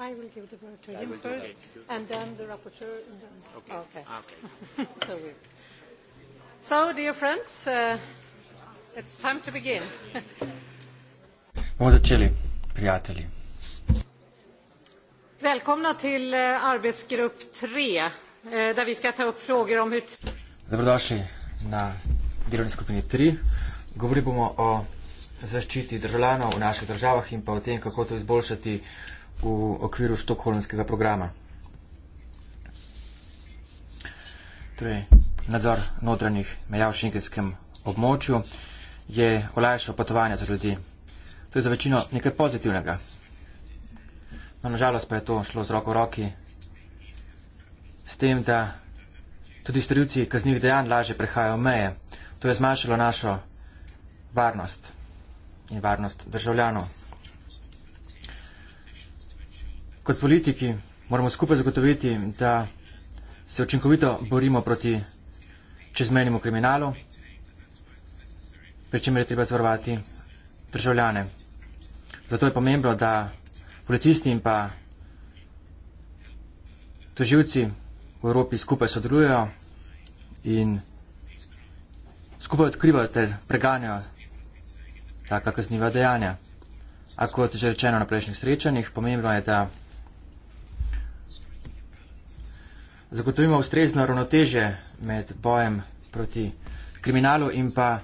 I will give the word to I him first, it. and then the rapporteur. And then. Okay. Oh, okay. Ah, okay. so, we're. so, dear friends, uh, it's time to begin. Välkomna till uh, eh, arbetsgrupp 3, uh, eh, där vi ska ta upp frågor om hur... Dobrodošli na delovni skupini 3. Govorili bomo o zaščiti državljanov v naših državah in pa o tem, kako to izboljšati uh, v okviru štokholmskega programa. Torej, nadzor notranjih meja v šengenskem območju je olajšal potovanje za ljudi. To je za večino nekaj pozitivnega. No, nažalost pa je to šlo z roko v roki s tem, da tudi storilci kaznjivih dejanj lažje prehajajo meje. To je zmanjšalo našo varnost in varnost državljanov. Kot politiki moramo skupaj zagotoviti, da se učinkovito borimo proti čezmenjemu kriminalu, pri čemer je treba zvarovati državljane. Zato je pomembno, da policisti in pa toživci v Evropi skupaj sodelujejo in skupaj odkrivajo ter preganjajo taka kazniva dejanja. A kot že rečeno na prejšnjih srečanjih, pomembno je, da zagotovimo ustrezno ravnoteže med bojem proti kriminalu in pa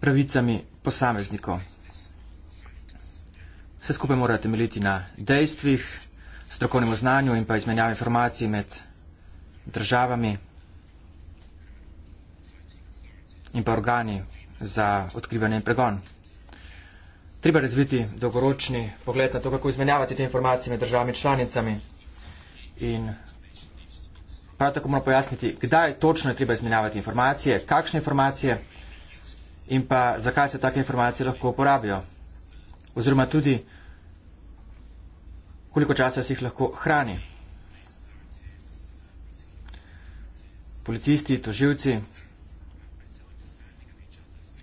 pravicami posameznikov. Vse skupaj mora temeljiti na dejstvih, strokovnem znanju in pa izmenjavi informacij med državami in pa organi za odkrivanje in pregon. Treba razviti dolgoročni pogled na to, kako izmenjavati te informacije med državami članicami in Prav tako moramo pojasniti, kdaj točno je treba izmenjavati informacije, kakšne informacije in pa zakaj se take informacije lahko uporabijo. Oziroma tudi, koliko časa se jih lahko hrani. Policisti, toživci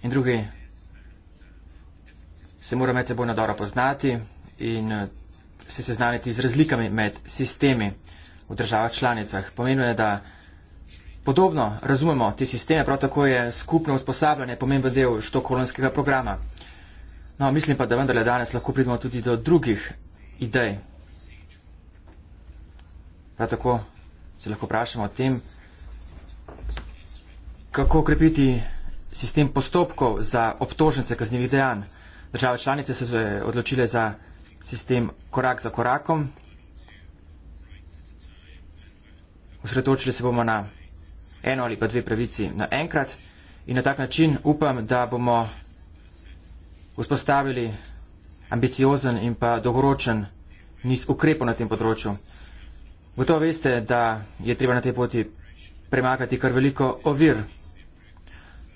in drugi se mora med seboj na dobro poznati in eh, se seznaniti z razlikami med sistemi v državah članicah. Pomembno je, da podobno razumemo te sisteme, prav tako je skupno usposabljanje pomemben del štokolonskega programa. No, mislim pa, da vendarle danes lahko pridemo tudi do drugih idej. Prav tako se lahko vprašamo o tem, kako ukrepiti sistem postopkov za obtožnice kaznjivih dejanj. Države članice so se odločile za sistem korak za korakom, osredotočili se bomo na eno ali pa dve pravici naenkrat in na tak način upam, da bomo vzpostavili ambiciozen in pa dogoročen niz ukrepov na tem področju. Gotovo veste, da je treba na tej poti premagati kar veliko ovir.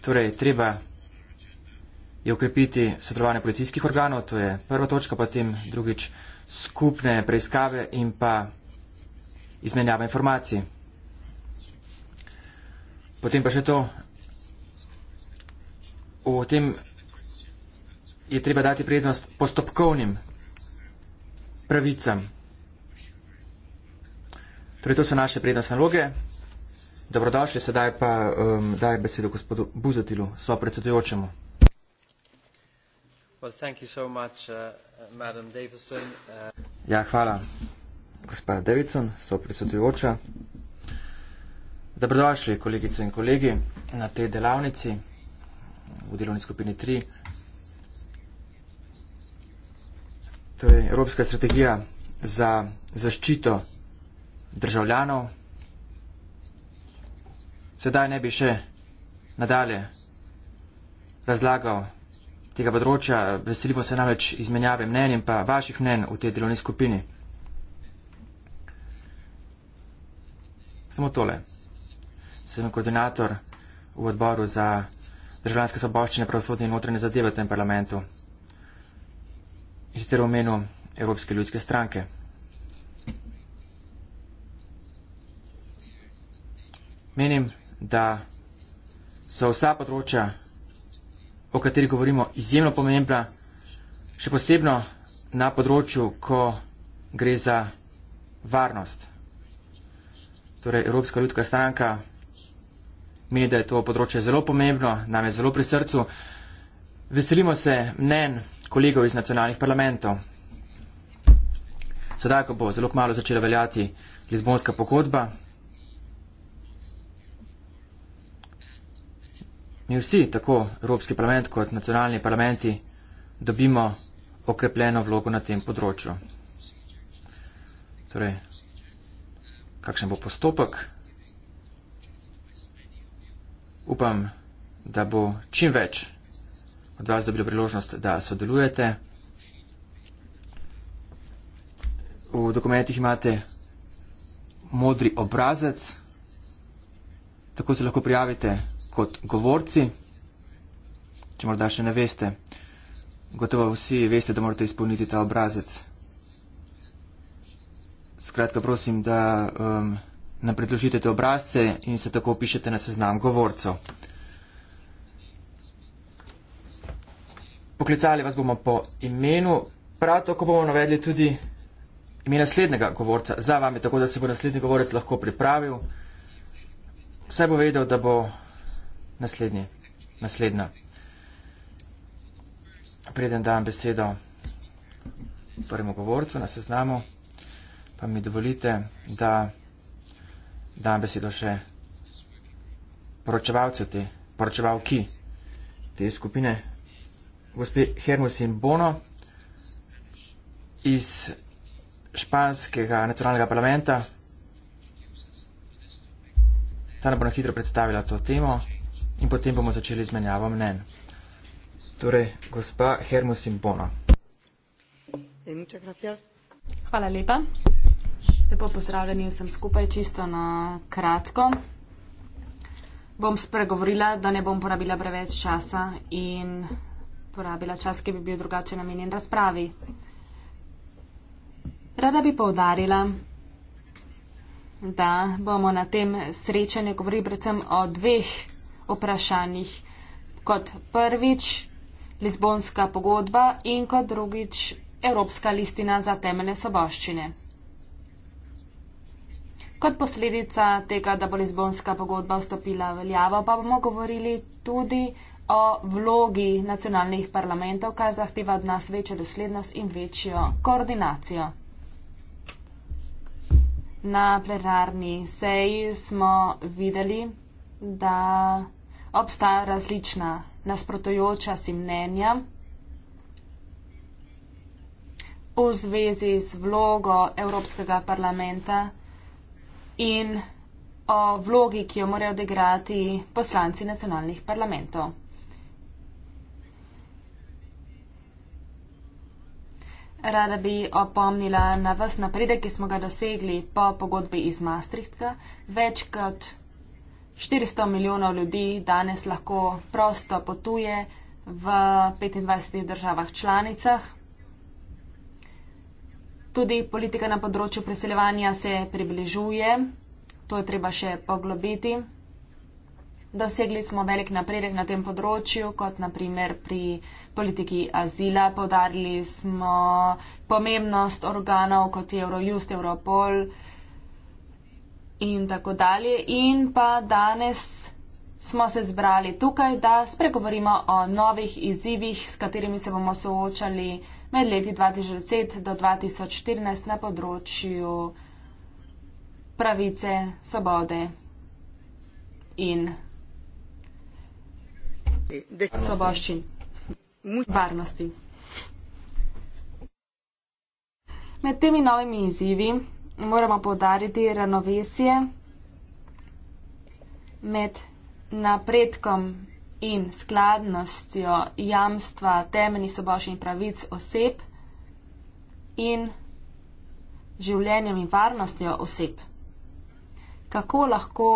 Torej, treba je ukrepiti sodelovanje policijskih organov, to je prva točka, potem drugič skupne preiskave in pa izmenjava informacij. Potem pa še to, v tem je treba dati prednost postopkovnim pravicam. Torej, to so naše prednostne naloge. Dobrodošli, sedaj pa um, daj besedo gospodu Buzatilu, svojo predsedujočemu. Well, thank you so much, uh, uh Madam Davison. Uh... Ja, hvala, gospa Davidson, svojo predsedujoča. Dobrodošli, kolegice in kolegi, na tej delavnici v delovni skupini 3. To je Evropska strategija za zaščito državljanov. Sedaj ne bi še nadalje razlagal tega področja. Veselimo se namreč izmenjave mnen in pa vaših mnen v tej delovni skupini. Samo tole sem koordinator v odboru za državljanske soboščine, pravosodne in notranje zadeve v tem parlamentu. In sicer v imenu Evropske ljudske stranke. Menim, da so vsa področja, o kateri govorimo, izjemno pomembna, še posebno na področju, ko gre za varnost. Torej, Evropska ljudska stranka Meni, da je to področje zelo pomembno, nam je zelo pri srcu. Veselimo se mnen kolegov iz nacionalnih parlamentov. Sedaj, ko bo zelo malo začela veljati Lizbonska pogodba, mi vsi, tako Evropski parlament kot nacionalni parlamenti, dobimo okrepljeno vlogo na tem področju. Torej, kakšen bo postopek, Upam, da bo čim več od vas dobilo priložnost, da sodelujete. V dokumentih imate modri obrazec, tako se lahko prijavite kot govorci, če morda še ne veste. Gotovo vsi veste, da morate izpolniti ta obrazec. Skratka, prosim, da um, nam predložite te obrazce in se tako pišete na seznam govorcev. Poklicali vas bomo po imenu, prav tako bomo navedli tudi ime naslednjega govorca za vami, tako da se bo naslednji govorec lahko pripravil. Vse bo vedel, da bo naslednji, naslednja. Preden dam besedo prvemu govorcu na seznamu, pa mi dovolite, da dam besedo še poročevalcu te, poročevalki te skupine, gospe Hermos in Bono iz španskega nacionalnega parlamenta. Ta nam bo na hitro predstavila to temo in potem bomo začeli z menjavo mnen. Torej, gospa Hermos in Bono. Eh, Hvala lepa. Lepo pozdravljeni vsem skupaj, čisto na kratko. Bom spregovorila, da ne bom porabila preveč časa in porabila čas, ki bi bil drugače namenjen razpravi. Rada bi povdarila, da bomo na tem srečanju govorili predvsem o dveh vprašanjih. Kot prvič Lizbonska pogodba in kot drugič Evropska listina za temeljne soboščine. Kot posledica tega, da bo Lizbonska pogodba vstopila v veljavo, pa bomo govorili tudi o vlogi nacionalnih parlamentov, kar zahteva od nas večjo doslednost in večjo koordinacijo. Na plenarni seji smo videli, da obstajajo različna nasprotujoča si mnenja v zvezi z vlogo Evropskega parlamenta in o vlogi, ki jo morajo odigrati poslanci nacionalnih parlamentov. Rada bi opomnila na vas napredek, ki smo ga dosegli po pogodbi iz Maastrichtka. Več kot 400 milijonov ljudi danes lahko prosto potuje v 25 državah članicah. Tudi politika na področju preseljevanja se približuje, to je treba še poglobiti. Dosegli smo velik napredek na tem področju, kot naprimer pri politiki azila. Podarili smo pomembnost organov kot Eurojust, Europol in tako dalje. In pa danes smo se zbrali tukaj, da spregovorimo o novih izzivih, s katerimi se bomo soočali med leti 2010 do 2014 na področju pravice, svobode in svoboščin. Varnosti. Med temi novimi izzivi moramo podariti ravnovesje med napredkom in skladnostjo jamstva temeljnih soboščin pravic oseb in življenjem in varnostjo oseb. Kako lahko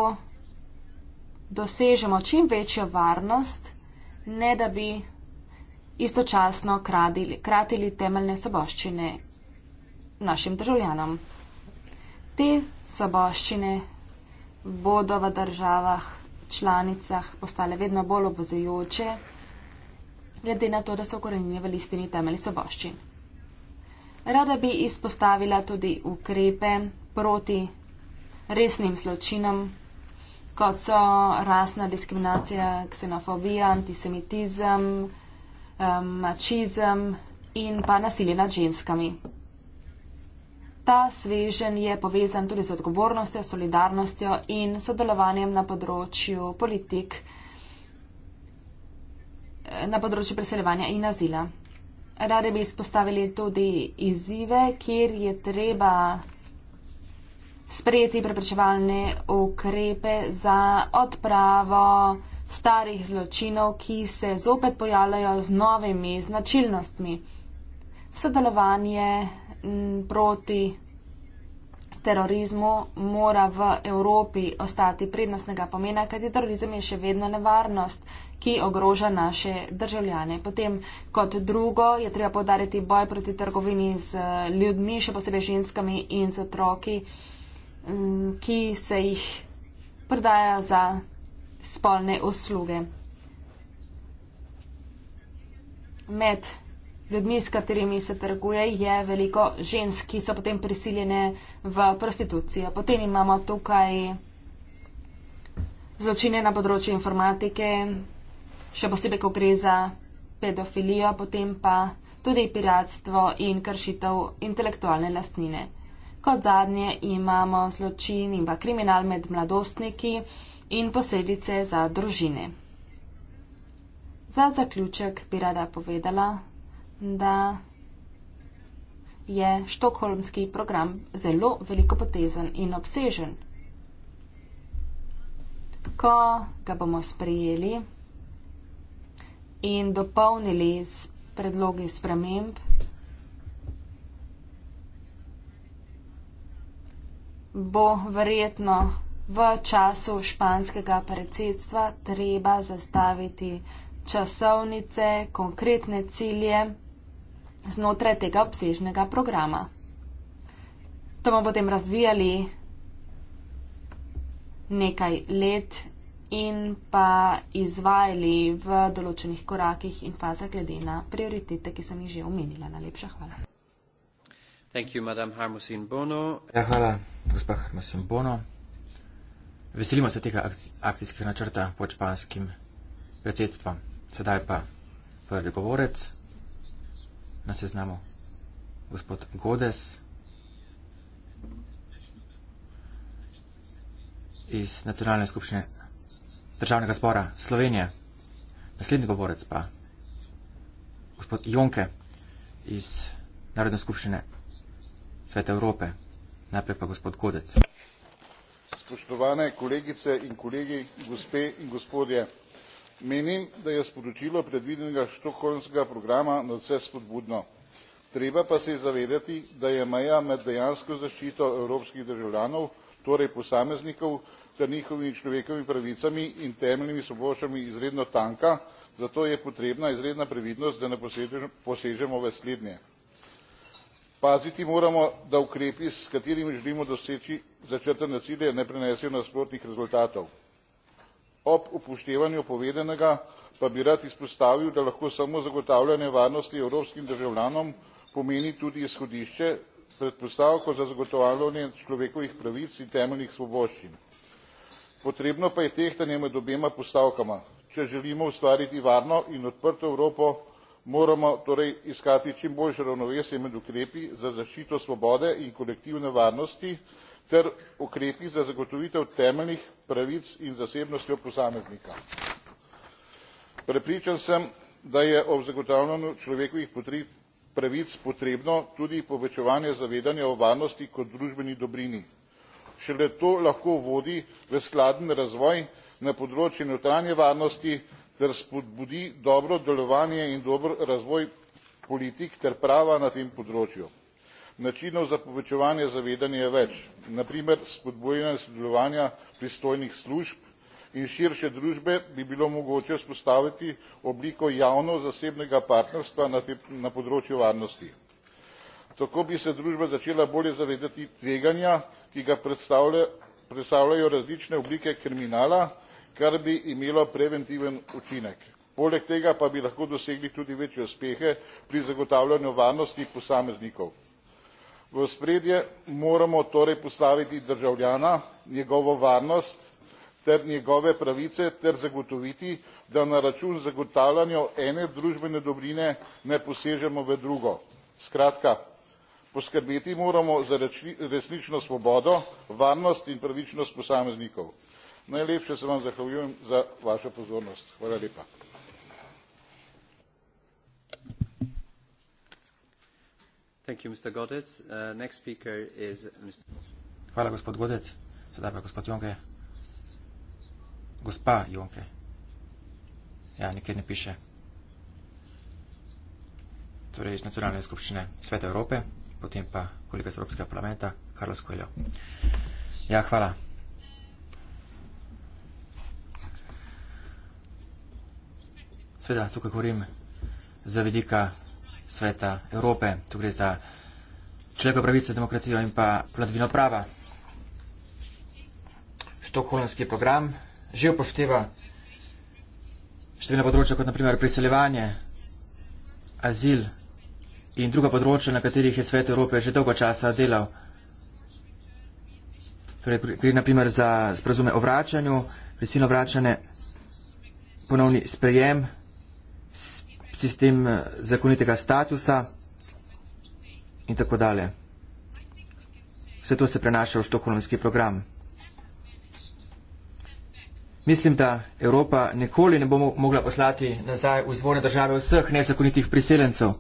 dosežemo čim večjo varnost, ne da bi istočasno kradili, kratili temeljne soboščine našim državljanom. Te soboščine bodo v državah članicah postale vedno bolj obvezujoče, glede na to, da so korenine v listini temelj soboščin. Rada bi izpostavila tudi ukrepe proti resnim zločinom, kot so rasna diskriminacija, ksenofobija, antisemitizem, eh, mačizem in pa nasilje nad ženskami. Ta svežen je povezan tudi z odgovornostjo, solidarnostjo in sodelovanjem na področju politik, na področju preseljevanja in azila. Radi bi izpostavili tudi izzive, kjer je treba sprejeti preprečevalne ukrepe za odpravo starih zločinov, ki se zopet pojavljajo z novimi značilnostmi. Sodelovanje proti terorizmu mora v Evropi ostati prednostnega pomena, kajti terorizem je še vedno nevarnost, ki ogroža naše državljane. Potem kot drugo je treba podariti boj proti trgovini z eh, ljudmi, še posebej ženskami in z otroki, ki se jih prodaja za spolne usluge. Med ljudmi, s katerimi se trguje, je veliko žensk, ki so potem prisiljene v prostitucijo. Potem imamo tukaj zločine na področju informatike, še posebej, ko gre za pedofilijo, potem pa tudi piratstvo in kršitev intelektualne lastnine. Kot zadnje imamo zločin in pa kriminal med mladostniki in posledice za družine. Za zaključek bi rada povedala, da je štokholmski program zelo velikopotezen in obsežen. Ko ga bomo sprejeli in dopolnili s predlogi sprememb, bo verjetno v času španskega predsedstva treba zastaviti časovnice, konkretne cilje znotraj tega obsežnega programa. To bomo potem razvijali nekaj let in pa izvajali v določenih korakih in fazah glede na prioritete, ki sem jih že omenila. Najlepša hvala. You, ja, hvala, gospa Harmosin Bono. Veselimo se tega akcijskega načrta pod španskim predsedstvom. Sedaj pa prvi govorec na seznamu. Gospod Godes iz Nacionalne skupščine državnega spora Slovenije. Naslednji govorec pa gospod Jonke iz Narodne skupščine Sveta Evrope. Najprej pa gospod Godec. Spoštovane kolegice in kolegi, gospe in gospodje menim da je sporočilo predvidenega stockholmskega programa nadvse spodbudno treba pa se je zavedati da je meja med dejansko zaščito evropskih državljanov torej posameznikov ter njihovimi človekovimi pravicami in temeljnimi svoboščinami izredno tanka zato je potrebna izredna previdnost da ne posežemo v slednje. paziti moramo da ukrepi s katerimi želimo doseči začrtane cilje ne prinesejo nasprotnih rezultatov ob upoštevanju povedanega pa bi rad izpostavil da lahko samo zagotavljanje varnosti evropskim državljanom pomeni tudi izhodišče predpostavko za zagotavljanje človekovih pravic in temeljnih svoboščin. potrebno pa je tehtanje med obema postavkama če želimo ustvariti varno in odprto evropo moramo torej iskati čim boljše ravnovesje med ukrepi za zaščito svobode in kolektivne varnosti ter ukrepih za zagotovitev temeljnih pravic in zasebnosti posameznika. prepričan sem da je ob zagotavljanju človekovih pravic potrebno tudi povečevanje zavedanja o varnosti kot družbeni dobrini. šele to lahko vodi v skladen razvoj na področju notranje varnosti ter spodbudi dobro delovanje in dober razvoj politik ter prava na tem področju. načinov za povečevanje zavedanja je več na primer spodbujanje sodelovanja pristojnih služb in širše družbe bi bilo mogoče vzpostaviti obliko javno zasebnega partnerstva na področju varnosti. tako bi se družba začela bolje zavedati tveganja ki ga predstavljajo različne oblike kriminala kar bi imelo preventiven učinek. poleg tega pa bi lahko dosegli tudi večje uspehe pri zagotavljanju varnosti posameznikov v ospredje moramo torej postaviti državljana njegovo varnost ter njegove pravice ter zagotoviti da na račun zagotavljanja ene družbene dobrine ne posežemo v drugo. skratka poskrbeti moramo za resnično svobodo varnost in pravičnost posameznikov. najlepše se vam zahvaljujem za vašo pozornost. Uh, hvala, gospod Godec. Sedaj pa gospod Jonke. Gospa Jonke. Ja, nikjer ne piše. Torej, iz nacionalne skupščine Sveta Evrope, potem pa kolega iz Evropskega parlamenta, Karlo Skoljo. Ja, hvala. Sveda, tukaj govorim za vidika sveta Evrope. Tu gre za človekove pravice, demokracijo in pa vladavino prava. Štokholmski program že upošteva številna področja, kot naprimer priseljevanje, azil in druga področja, na katerih je svet Evrope že dolgo časa delal. Torej, gre naprimer za sprazume o vračanju, prisilno vračanje, ponovni sprejem sistem eh, zakonitega statusa in tako dalje. Vse to se prenaša v štokholmski program. Mislim, da Evropa nikoli ne bo mogla poslati nazaj v zvone države vseh nezakonitih priseljencev.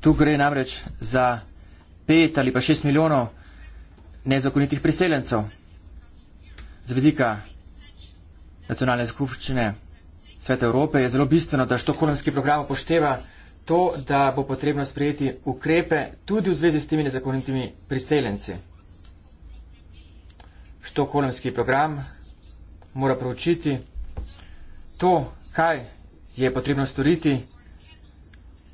Tu gre namreč za pet ali pa šest milijonov nezakonitih priseljencev. Z vedika nacionalne skupščine Svet Evrope je zelo bistveno, da štokholmski program upošteva to, da bo potrebno sprejeti ukrepe tudi v zvezi s temi nezakonitimi priseljenci. Štokholmski program mora proučiti to, kaj je potrebno storiti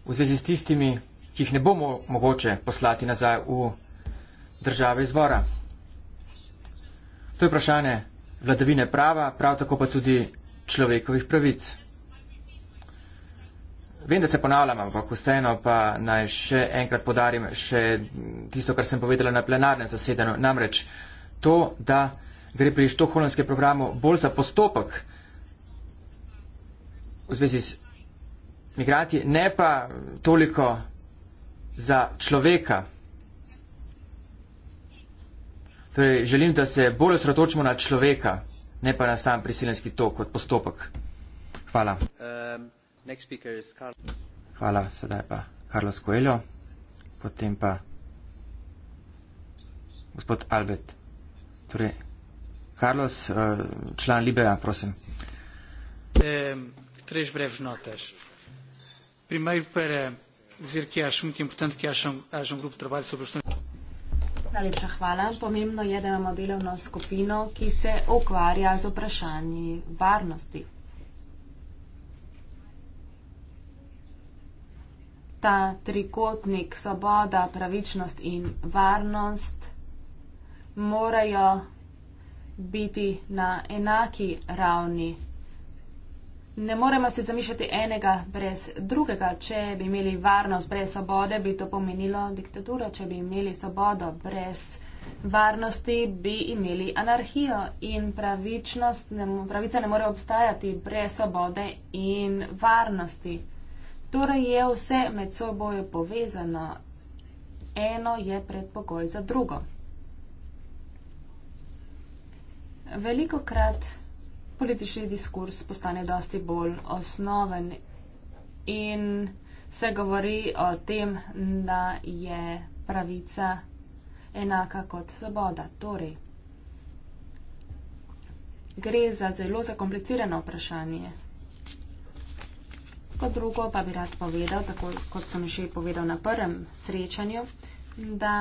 v zvezi s tistimi, ki jih ne bomo mogoče poslati nazaj v države izvora. To je vprašanje vladavine prava, prav tako pa tudi človekovih pravic. Vem, da se ponavljam, ampak vseeno pa naj še enkrat podarim še tisto, kar sem povedala na plenarnem zasedanju. Namreč to, da gre pri štoholmskem programu bolj za postopek v zvezi s migranti, ne pa toliko za človeka. Torej, želim, da se bolj osredotočimo na človeka ne pa na sam prisilenski tok kot postopek. Hvala. Um, Hvala, sedaj pa Carlos Coelho, potem pa gospod Albert. Torej, Carlos, eh, član Libeja, prosim. Três breves notas. Primeiro, para dizer que acho muito importante que haja um, um grupo de trabalho sobre a questão. Najlepša hvala. Pomembno je, da imamo delovno skupino, ki se ukvarja z vprašanji varnosti. Ta trikotnik svoboda, pravičnost in varnost morajo biti na enaki ravni Ne moremo si zamišljati enega brez drugega. Če bi imeli varnost brez svobode, bi to pomenilo diktaturo. Če bi imeli svobodo brez varnosti, bi imeli anarhijo. In pravičnost, ne, pravica ne more obstajati brez svobode in varnosti. Torej je vse med seboj povezano. Eno je predpogoj za drugo. Veliko krat politični diskurs postane dosti bolj osnoven in se govori o tem, da je pravica enaka kot svoboda. Torej, gre za zelo zakomplicirano vprašanje. Kot drugo pa bi rad povedal, tako kot sem še povedal na prvem srečanju, da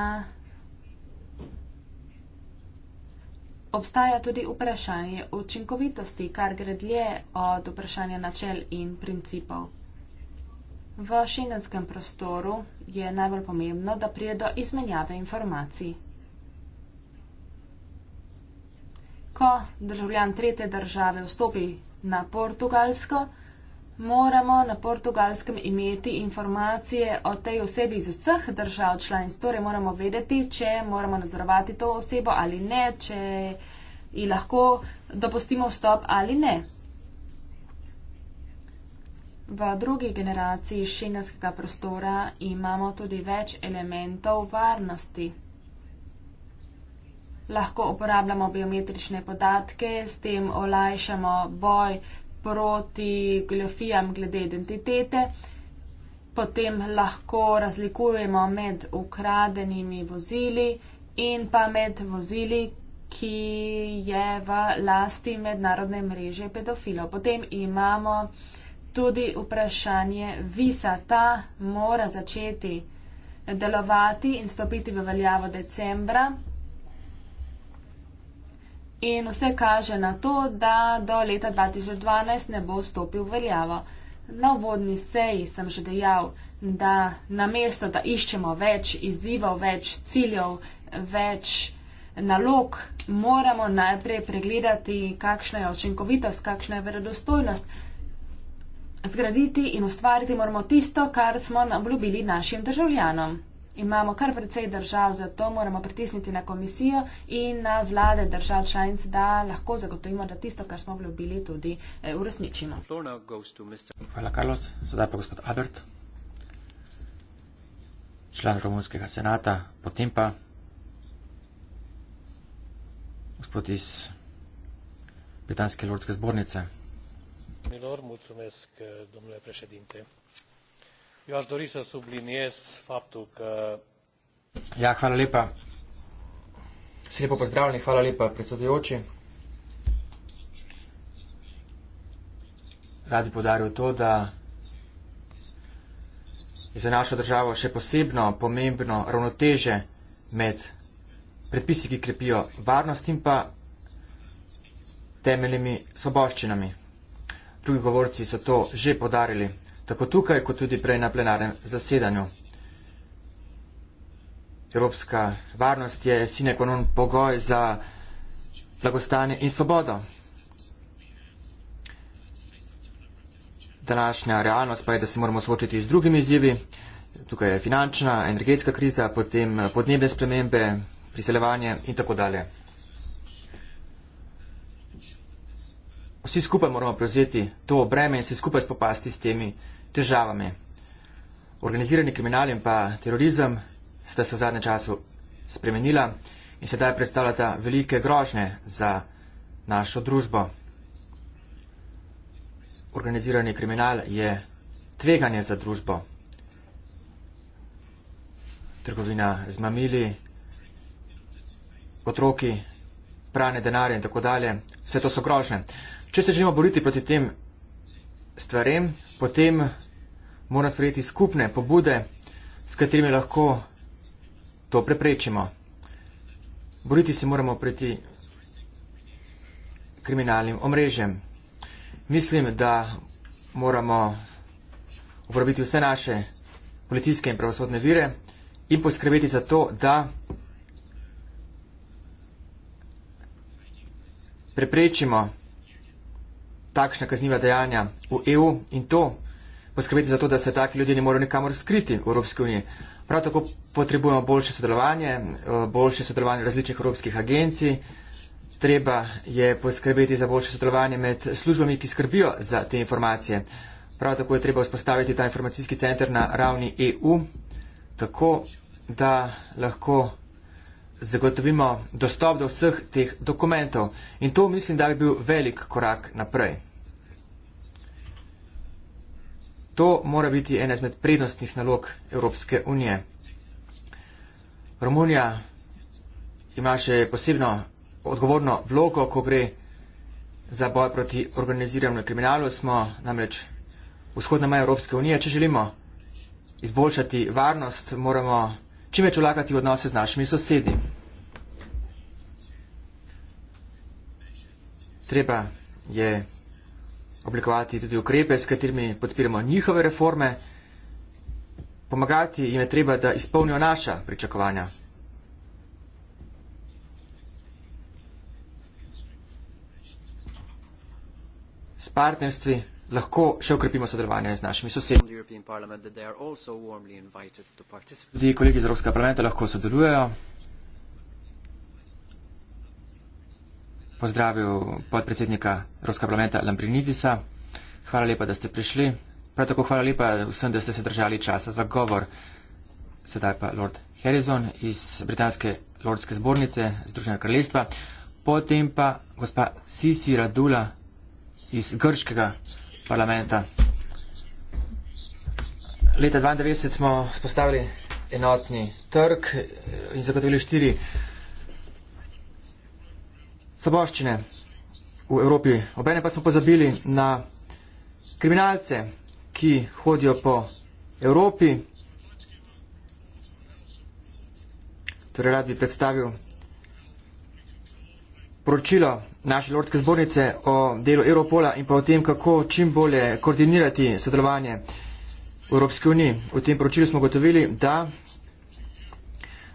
Obstaja tudi vprašanje učinkovitosti, kar gre dlje od vprašanja načel in principov. V šengenskem prostoru je najbolj pomembno, da prije do izmenjave informacij. Ko državljan tretje države vstopi na Portugalsko, moramo na portugalskem imeti informacije o tej osebi iz vseh držav članic. Torej moramo vedeti, če moramo nadzorovati to osebo ali ne, če ji lahko dopustimo vstop ali ne. V drugi generaciji šengenskega prostora imamo tudi več elementov varnosti. Lahko uporabljamo biometrične podatke, s tem olajšamo boj proti glofijam glede identitete, potem lahko razlikujemo med ukradenimi vozili in pa med vozili, ki je v lasti mednarodne mreže pedofilov. Potem imamo tudi vprašanje, visa ta mora začeti delovati in stopiti v veljavo decembra in vse kaže na to, da do leta 2012 ne bo stopil v veljavo. Na vodni seji sem že dejal, da namesto, da iščemo več izzivov, več ciljev, več nalog, moramo najprej pregledati, kakšna je očinkovitost, kakšna je verodostojnost. Zgraditi in ustvariti moramo tisto, kar smo nam obljubili našim državljanom imamo kar precej držav, zato moramo pritisniti na komisijo in na vlade držav članic, da lahko zagotovimo, da tisto, kar smo obljubili, tudi eh, uresničimo. Hvala, Carlos. Sedaj pa gospod Albert, član Romunskega senata, potem pa gospod iz Britanske lordske zbornice. Milor, mulțumesc, domnule președinte. Eu aș dori să subliniez faptul că... Ia, ja, hvala lepa. Vsi lepo pozdravljeni, hvala lepa, predsedujoči. Radi podaril to, da je za našo državo še posebno pomembno ravnoteže med predpisi, ki krepijo varnost in pa temeljimi svoboščinami. Drugi govorci so to že podarili tako tukaj, kot tudi prej na plenarnem zasedanju. Evropska varnost je sine konon pogoj za blagostanje in svobodo. Današnja realnost pa je, da se moramo soočiti z drugimi izzivi. Tukaj je finančna, energetska kriza, potem podnebne spremembe, priseljevanje in tako dalje. Vsi skupaj moramo prevzeti to breme in se skupaj spopasti s temi težavami. Organizirani kriminal in pa terorizem sta se v zadnjem času spremenila in sedaj predstavljata velike grožne za našo družbo. Organizirani kriminal je tveganje za družbo. Trgovina z mamili, otroki, prane denarje in tako dalje, vse to so grožne. Če se želimo boriti proti tem stvarem, potem mora sprejeti skupne pobude, s katerimi lahko to preprečimo. Boriti se moramo proti kriminalnim omrežjem. Mislim, da moramo uporabiti vse naše policijske in pravosodne vire in poskrbeti za to, da preprečimo takšna kazniva dejanja v EU in to poskrbeti za to, da se taki ljudje ne morejo nikamor skriti v Evropski uniji. Prav tako potrebujemo boljše sodelovanje, eh, boljše sodelovanje različnih evropskih agencij. Treba je poskrbeti za boljše sodelovanje med službami, ki skrbijo za te informacije. Prav tako je treba vzpostaviti ta informacijski center na ravni EU, tako da lahko zagotovimo dostop do vseh teh dokumentov. In to mislim, da bi bil velik korak naprej. To mora biti ena izmed prednostnih nalog Evropske unije. Romunija ima še posebno odgovorno vlogo, ko gre za boj proti organiziranemu kriminalu. Smo namreč vzhodna meja Evropske unije. Če želimo izboljšati varnost, moramo čim več vlagati v odnose z našimi sosedi. Treba je oblikovati tudi ukrepe, s katerimi podpiramo njihove reforme. Pomagati jim je treba, da izpolnijo naša pričakovanja. S partnerstvi lahko še ukrepimo sodelovanje z našimi sosedi. Tudi kolegi iz Evropskega parlamenta lahko sodelujejo. pozdravil podpredsednika Ruskega parlamenta Lambrinivisa. Hvala lepa, da ste prišli. Prav tako hvala lepa vsem, da ste se držali časa za govor. Sedaj pa Lord Harrison iz Britanske lordske zbornice Združenega kraljestva. Potem pa gospa Sisi Radula iz Grškega parlamenta. Leta 1992 smo spostavili enotni trg in zagotovili štiri slaboščine v Evropi. Obene pa smo pozabili na kriminalce, ki hodijo po Evropi. Torej rad bi predstavil poročilo naše lordske zbornice o delu Europola in pa o tem, kako čim bolje koordinirati sodelovanje v Evropski uniji. V tem poročilu smo gotovili, da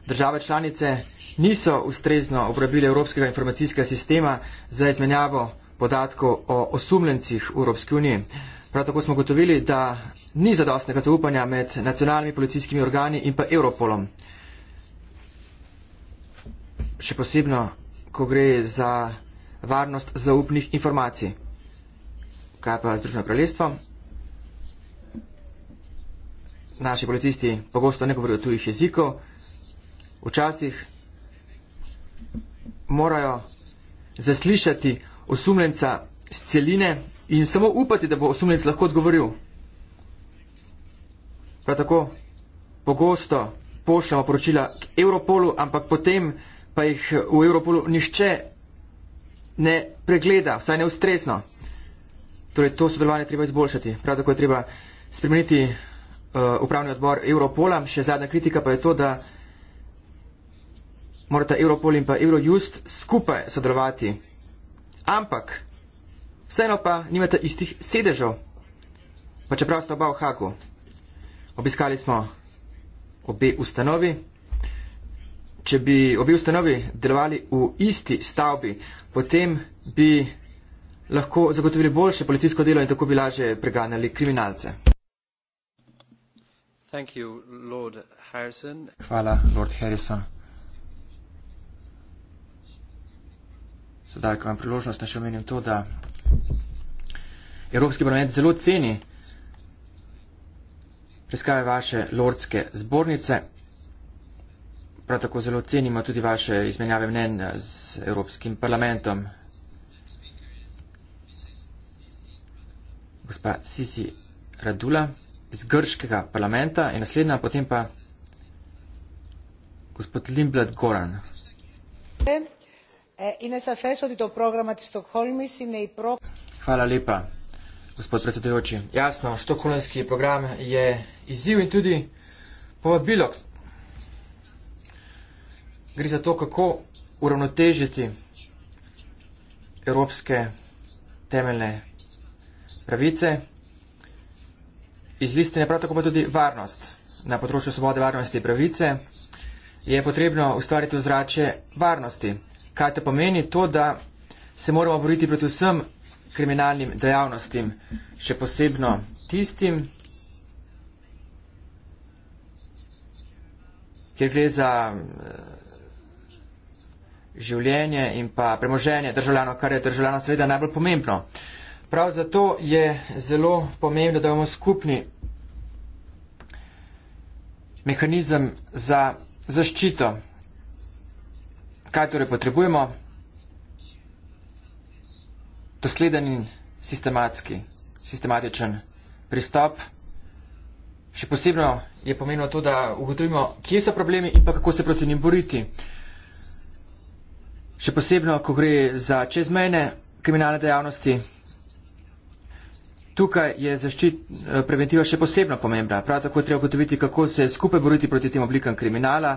države članice niso ustrezno obrabile Evropskega informacijskega sistema za izmenjavo podatkov o osumljencih v Evropski uniji. Prav tako smo gotovili, da ni zadostnega zaupanja med nacionalnimi policijskimi organi in pa Europolom. Še posebno, ko gre za varnost zaupnih informacij. Kaj pa Združeno kraljestvo? Naši policisti pogosto ne govorijo tujih jezikov, včasih morajo zaslišati osumljenca z celine in samo upati, da bo osumljenc lahko odgovoril. Prav tako pogosto pošljamo poročila k Europolu, ampak potem pa jih v Europolu nišče ne pregleda, vsaj ne ustrezno. Torej, to sodelovanje treba izboljšati. Prav tako je treba spremeniti uh, upravni odbor Europola. Še zadnja kritika pa je to, da morata Europol in pa Eurojust skupaj sodelovati. Ampak, vseeno pa nimate istih sedežev, pa čeprav sta oba v Haku. Obiskali smo obe ustanovi. Če bi obi ustanovi delovali v isti stavbi, potem bi lahko zagotovili boljše policijsko delo in tako bi lažje preganjali kriminalce. Thank you, Lord Harrison. Hvala, Lord Harrison. Sedaj, ko imam priložnost, naj še omenim to, da Evropski parlament zelo ceni preskave vaše lordske zbornice, prav tako zelo cenimo tudi vaše izmenjave mnen z Evropskim parlamentom. Gospa Sisi Radula iz Grškega parlamenta in naslednja, potem pa gospod Limblad Goran. Okay gospod predsedujoči. Jasno, štokholmski program je izziv in tudi povabilo. Gre za to, kako uravnotežiti evropske temeljne pravice, iz listine prav tako pa tudi varnost. Na področju svobode varnosti in pravice je potrebno ustvariti vzrače varnosti kaj te pomeni to, da se moramo boriti predvsem kriminalnim dejavnostim, še posebno tistim, kjer gre za eh, življenje in pa premoženje državljanov, kar je državljano seveda najbolj pomembno. Prav zato je zelo pomembno, da imamo skupni mehanizem za zaščito. Kaj torej potrebujemo? Dosleden in sistematski, sistematičen pristop. Še posebno je pomenilo to, da ugotovimo, kje so problemi in pa kako se proti njim boriti. Še posebno, ko gre za čezmejne kriminalne dejavnosti, tukaj je zaščit, preventiva še posebno pomembna. Prav tako je treba ugotoviti, kako se skupaj boriti proti tem oblikam kriminala.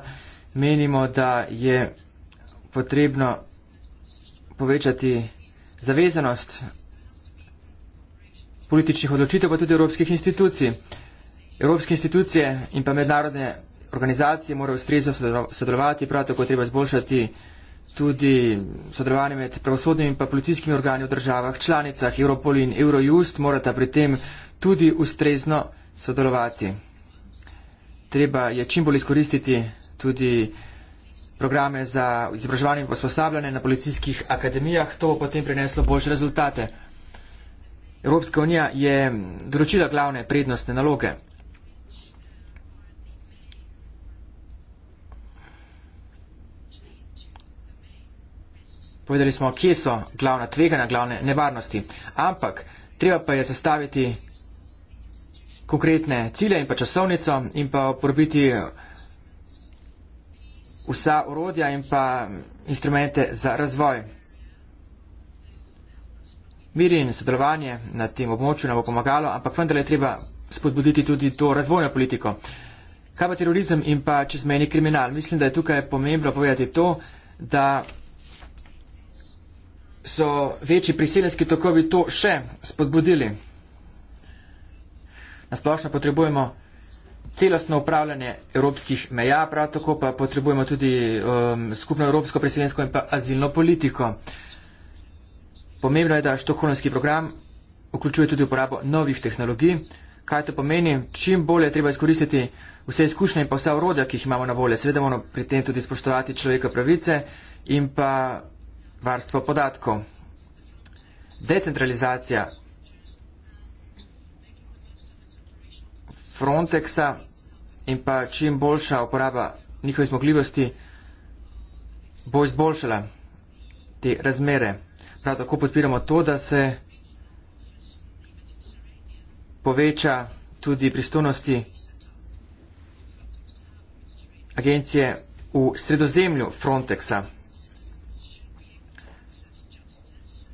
Menimo, da je potrebno povečati zavezanost političnih odločitev, pa tudi evropskih institucij. Evropske institucije in pa mednarodne organizacije morajo ustrezno sodelovati, prav tako je treba zboljšati tudi sodelovanje med pravosodnimi in pa policijskimi organi v državah, članicah Europol in Eurojust morata pri tem tudi ustrezno sodelovati. Treba je čim bolj izkoristiti tudi programe za izobraževanje in posposabljanje na policijskih akademijah, to bo potem prineslo boljše rezultate. Evropska unija je določila glavne prednostne naloge. Povedali smo, kje so glavna tvegana, glavne nevarnosti. Ampak treba pa je zastaviti konkretne cilje in pa časovnico in pa uporabiti vsa urodja in pa instrumente za razvoj. Mir in sodelovanje na tem območju nam bo pomagalo, ampak vendar je treba spodbuditi tudi to razvojno politiko. Kaj pa terorizem in pa čezmeni kriminal? Mislim, da je tukaj pomembno povedati to, da so večji priseljenski tokovi to še spodbudili. Nasplošno potrebujemo celostno upravljanje evropskih meja, prav tako pa potrebujemo tudi um, skupno evropsko preseljensko in pa azilno politiko. Pomembno je, da štokholmski program vključuje tudi uporabo novih tehnologij. Kaj to pomeni? Čim bolje je treba izkoristiti vse izkušnje in pa vsa urodja, ki jih imamo na voljo. Seveda moramo pri tem tudi spoštovati človeka pravice in pa varstvo podatkov. Decentralizacija Frontexa in pa čim boljša uporaba njihovih zmogljivosti bo izboljšala te razmere. Prav tako podpiramo to, da se poveča tudi pristojnosti agencije v sredozemlju Frontexa.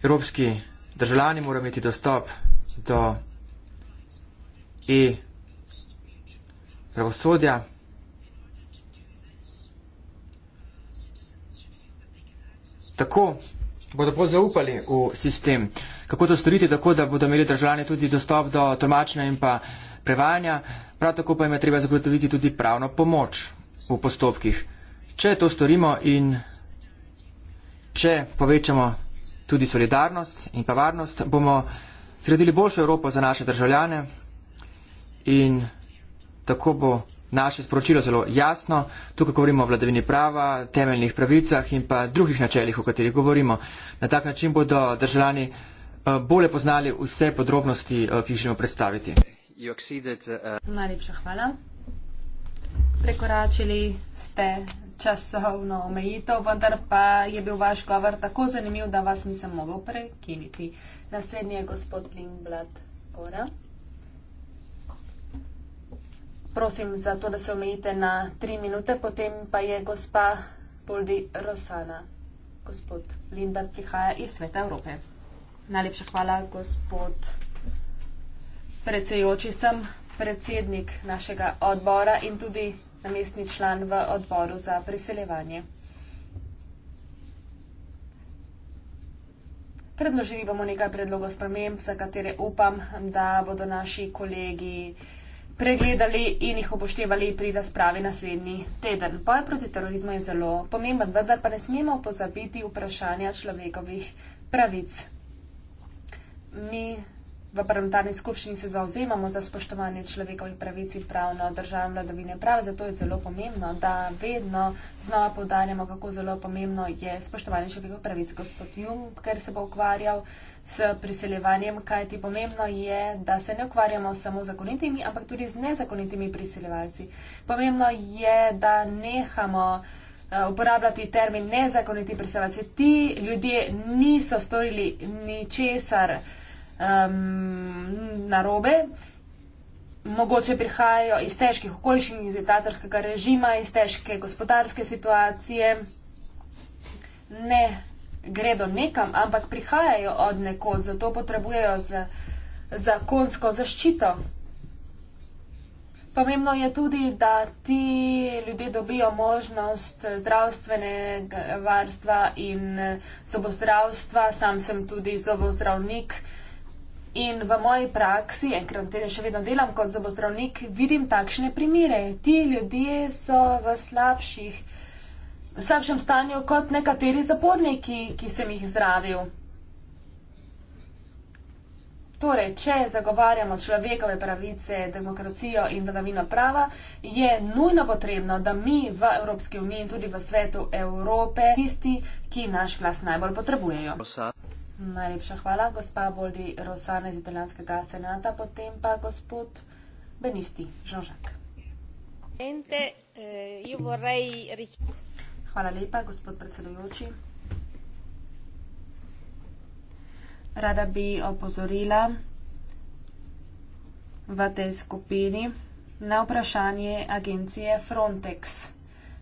Evropski državljani morajo imeti dostop do e-mail pravosodja. Tako bodo pa zaupali v sistem. Kako to storiti tako, da bodo imeli državljani tudi dostop do tolmačenja in pa prevajanja, prav tako pa jim je treba zagotoviti tudi pravno pomoč v postopkih. Če to storimo in če povečamo tudi solidarnost in pa varnost, bomo sredili boljšo Evropo za naše državljane in tako bo naše sporočilo zelo jasno. Tukaj govorimo o vladavini prava, temeljnih pravicah in pa drugih načeljih, o katerih govorimo. Na tak način bodo državljani eh, bolje poznali vse podrobnosti, eh, ki jih želimo predstaviti. Najlepša hvala. Prekoračili ste časovno omejitev, vendar pa je bil vaš govor tako zanimiv, da vas nisem mogel prekiniti. Naslednji je gospod Lingblad Gora prosim za to, da se omejite na tri minute, potem pa je gospa Poldi Rosana. Gospod Lindar prihaja iz Sveta Evrope. Najlepša hvala, gospod predsejoči. Sem predsednik našega odbora in tudi namestni član v odboru za priseljevanje. Predložili bomo nekaj predlogov sprememb, za katere upam, da bodo naši kolegi eh, pregledali in jih upoštevali pri razpravi naslednji teden. Boj proti terorizmu je zelo pomemben, vendar pa ne smemo pozabiti vprašanja človekovih pravic. Mi v parlamentarni skupščini se zauzemamo za spoštovanje človekovih pravic in pravno državo vladavine prava, zato je zelo pomembno, da vedno znova povdarjamo, kako zelo pomembno je spoštovanje človekovih pravic. Gospod Jung, ker se bo ukvarjal s priseljevanjem, kaj ti pomembno je, da se ne ukvarjamo samo z zakonitimi, ampak tudi z nezakonitimi priseljevalci. Pomembno je, da nehamo eh, uporabljati termin nezakoniti priseljevalci. Ti ljudje niso storili ničesar um, narobe. Mogoče prihajajo iz težkih okoliščin, iz diktatorskega režima, iz težke gospodarske situacije. Ne, gredo nekam, ampak prihajajo od nekod, zato potrebujejo zakonsko za zaščito. Pomembno je tudi, da ti ljudje dobijo možnost zdravstvenega varstva in zobozdravstva. Sam sem tudi zobozdravnik in v moji praksi, enkrat na teden še vedno delam kot zobozdravnik, vidim takšne primere. Ti ljudje so v slabših v slabšem stanju kot nekateri zaporniki, ki sem jih zdravil. Torej, če zagovarjamo človekove pravice, demokracijo in vladavino prava, je nujno potrebno, da mi v Evropski uniji in tudi v svetu Evrope tisti, ki naš glas najbolj potrebujejo. Najlepša hvala, gospa Boldi Rosane iz italijanskega senata, potem pa gospod Benisti Žožak. Hvala lepa, gospod predsedujoči. Rada bi opozorila v tej skupini na vprašanje agencije Frontex.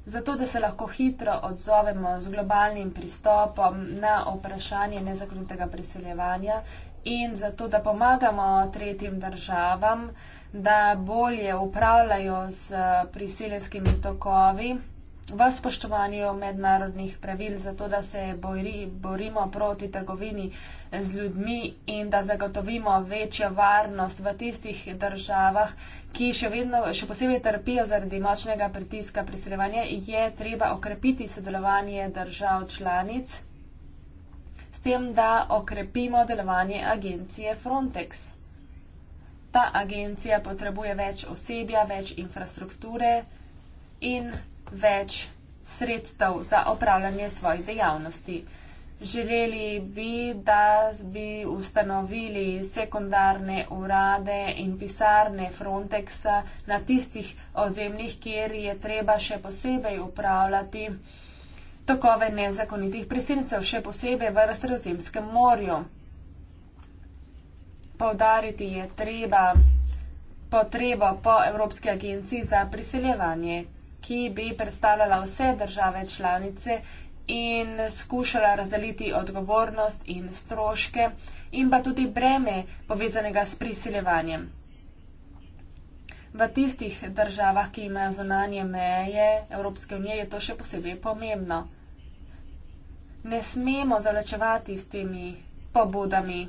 Zato, da se lahko hitro odzovemo z globalnim pristopom na vprašanje nezakonitega priseljevanja in zato, da pomagamo tretjim državam, da bolje upravljajo s priseljenskimi tokovi v spoštovanju mednarodnih pravil, zato da se bori, borimo proti trgovini z ljudmi in da zagotovimo večjo varnost v tistih državah, ki še vedno, še posebej trpijo zaradi močnega pritiska priseljevanja, je treba okrepiti sodelovanje držav članic s tem, da okrepimo delovanje agencije Frontex. Ta agencija potrebuje več osebja, več infrastrukture in več sredstev za opravljanje svojih dejavnosti. Želeli bi, da bi ustanovili sekundarne urade in pisarne Frontexa na tistih ozemljih, kjer je treba še posebej upravljati tokove nezakonitih priseljencev, še posebej v Sredozemskem morju. Povdariti je treba potrebo po Evropski agenciji za priseljevanje, ki bi predstavljala vse države članice in skušala razdeliti odgovornost in stroške in pa tudi breme povezanega s prisiljevanjem. V tistih državah, ki imajo zunanje meje Evropske unije, je to še posebej pomembno. Ne smemo zavlačevati s temi pobudami.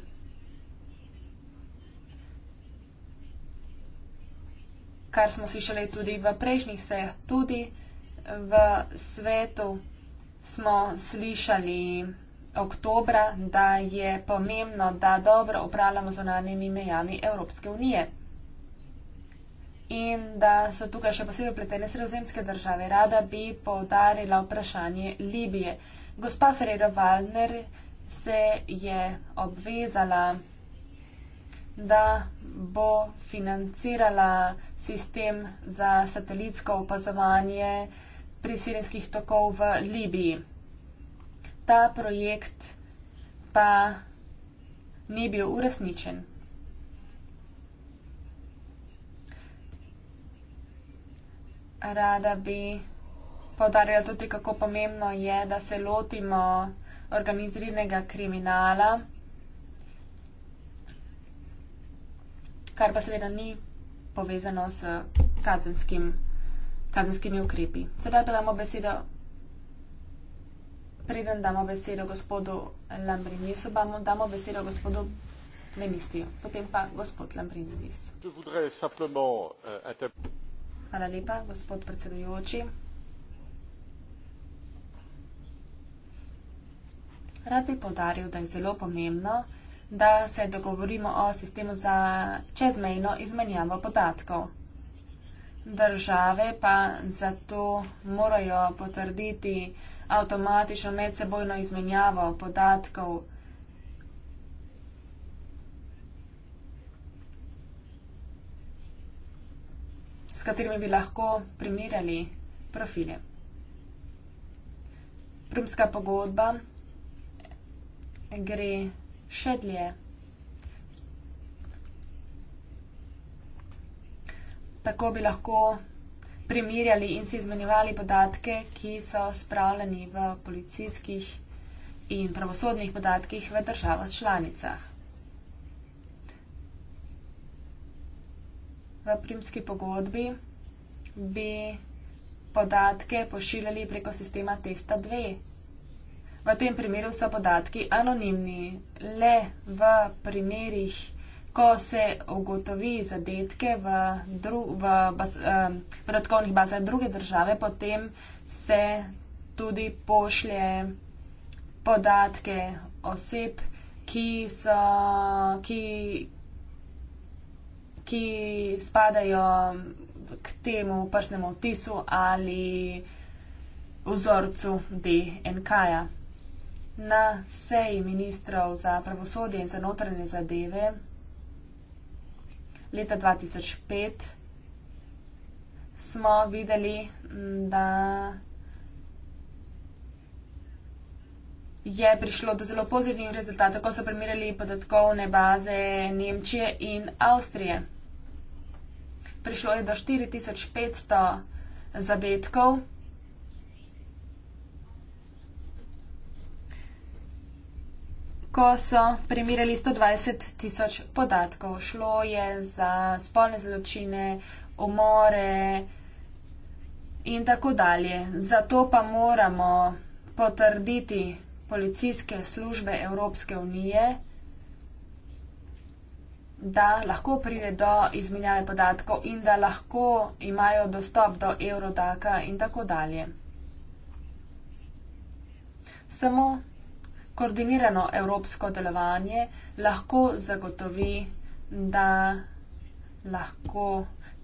kar smo slišali tudi v prejšnjih sejah, tudi v svetu smo slišali oktobra, da je pomembno, da dobro upravljamo zonanjimi mejami Evropske unije. In da so tukaj še posebej upletene sredozemske države. Rada bi podarila vprašanje Libije. Gospa Ferrero Valner se je obvezala da bo financirala sistem za satelitsko opazovanje prisilenskih tokov v Libiji. Ta projekt pa ni bil uresničen. Rada bi podarila tudi, kako pomembno je, da se lotimo organiziranega kriminala. kar pa seveda ni povezano s kazenskim, kazenskimi ukrepi. Sedaj pa damo besedo, preden damo besedo gospodu Lambrinisu, pa mu damo besedo gospodu Lemistiju, potem pa gospod Lambrinis. Hvala lepa, gospod predsedujoči. Rad bi povdaril, da je zelo pomembno, da se dogovorimo o sistemu za čezmejno izmenjavo podatkov. Države pa zato morajo potrditi avtomatično medsebojno izmenjavo podatkov. s katerimi bi lahko primerjali profile. Prumska pogodba gre še dlje. Tako bi lahko primirjali in si izmenjevali podatke, ki so spravljeni v policijskih in pravosodnih podatkih v državah članicah. V primski pogodbi bi podatke pošiljali preko sistema Testa 2. V tem primeru so podatki anonimni. Le v primerih, ko se ugotovi zadetke v, dru, v bas, eh, podatkovnih bazah druge države, potem se tudi pošlje podatke oseb, ki, so, ki, ki spadajo k temu prstnemu otisu ali vzorcu DNK-ja na seji ministrov za pravosodje in za notranje zadeve leta 2005 smo videli, da je prišlo do zelo pozitivnih rezultatov, ko so primerjali podatkovne baze Nemčije in Avstrije. Prišlo je do 4500 zadetkov. Dejansko so primerjali 120 tisoč podatkov. Šlo je za spolne zločine, umore in tako dalje. Zato pa moramo potrditi policijske službe Evropske unije, da lahko pride do izmenjave podatkov in da lahko imajo dostop do Eurodaka in tako dalje. Samo koordinirano evropsko delovanje lahko zagotovi, da lahko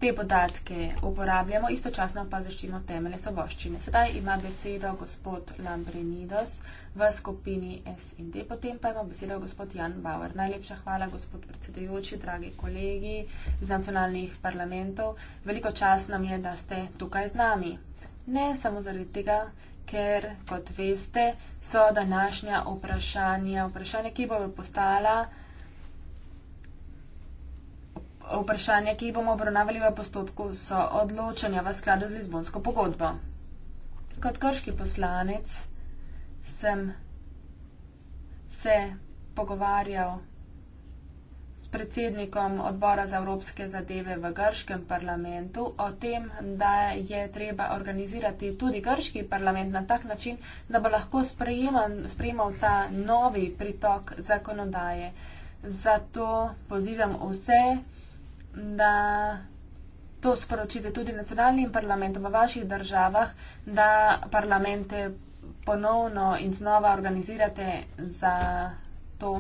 te podatke uporabljamo, istočasno pa zaščitimo temelje soboščine. Sedaj ima besedo gospod Lambrenidos v skupini SND, potem pa ima besedo gospod Jan Bauer. Najlepša hvala, gospod predsedujoči, dragi kolegi iz nacionalnih parlamentov. Veliko čas nam je, da ste tukaj z nami. Ne samo zaradi tega, ker, kot veste, so današnja vprašanja, vprašanja, ki bodo postala, vprašanja, ki bomo obravnavali v postopku, so odločanja v skladu z Lizbonsko pogodbo. Kot krški poslanec sem se pogovarjal s predsednikom odbora za evropske zadeve v grškem parlamentu o tem, da je treba organizirati tudi grški parlament na tak način, da bo lahko sprejemal ta novi pritok zakonodaje. Zato pozivam vse, da to sporočite tudi nacionalnim parlamentom v vaših državah, da parlamente ponovno in znova organizirate za to.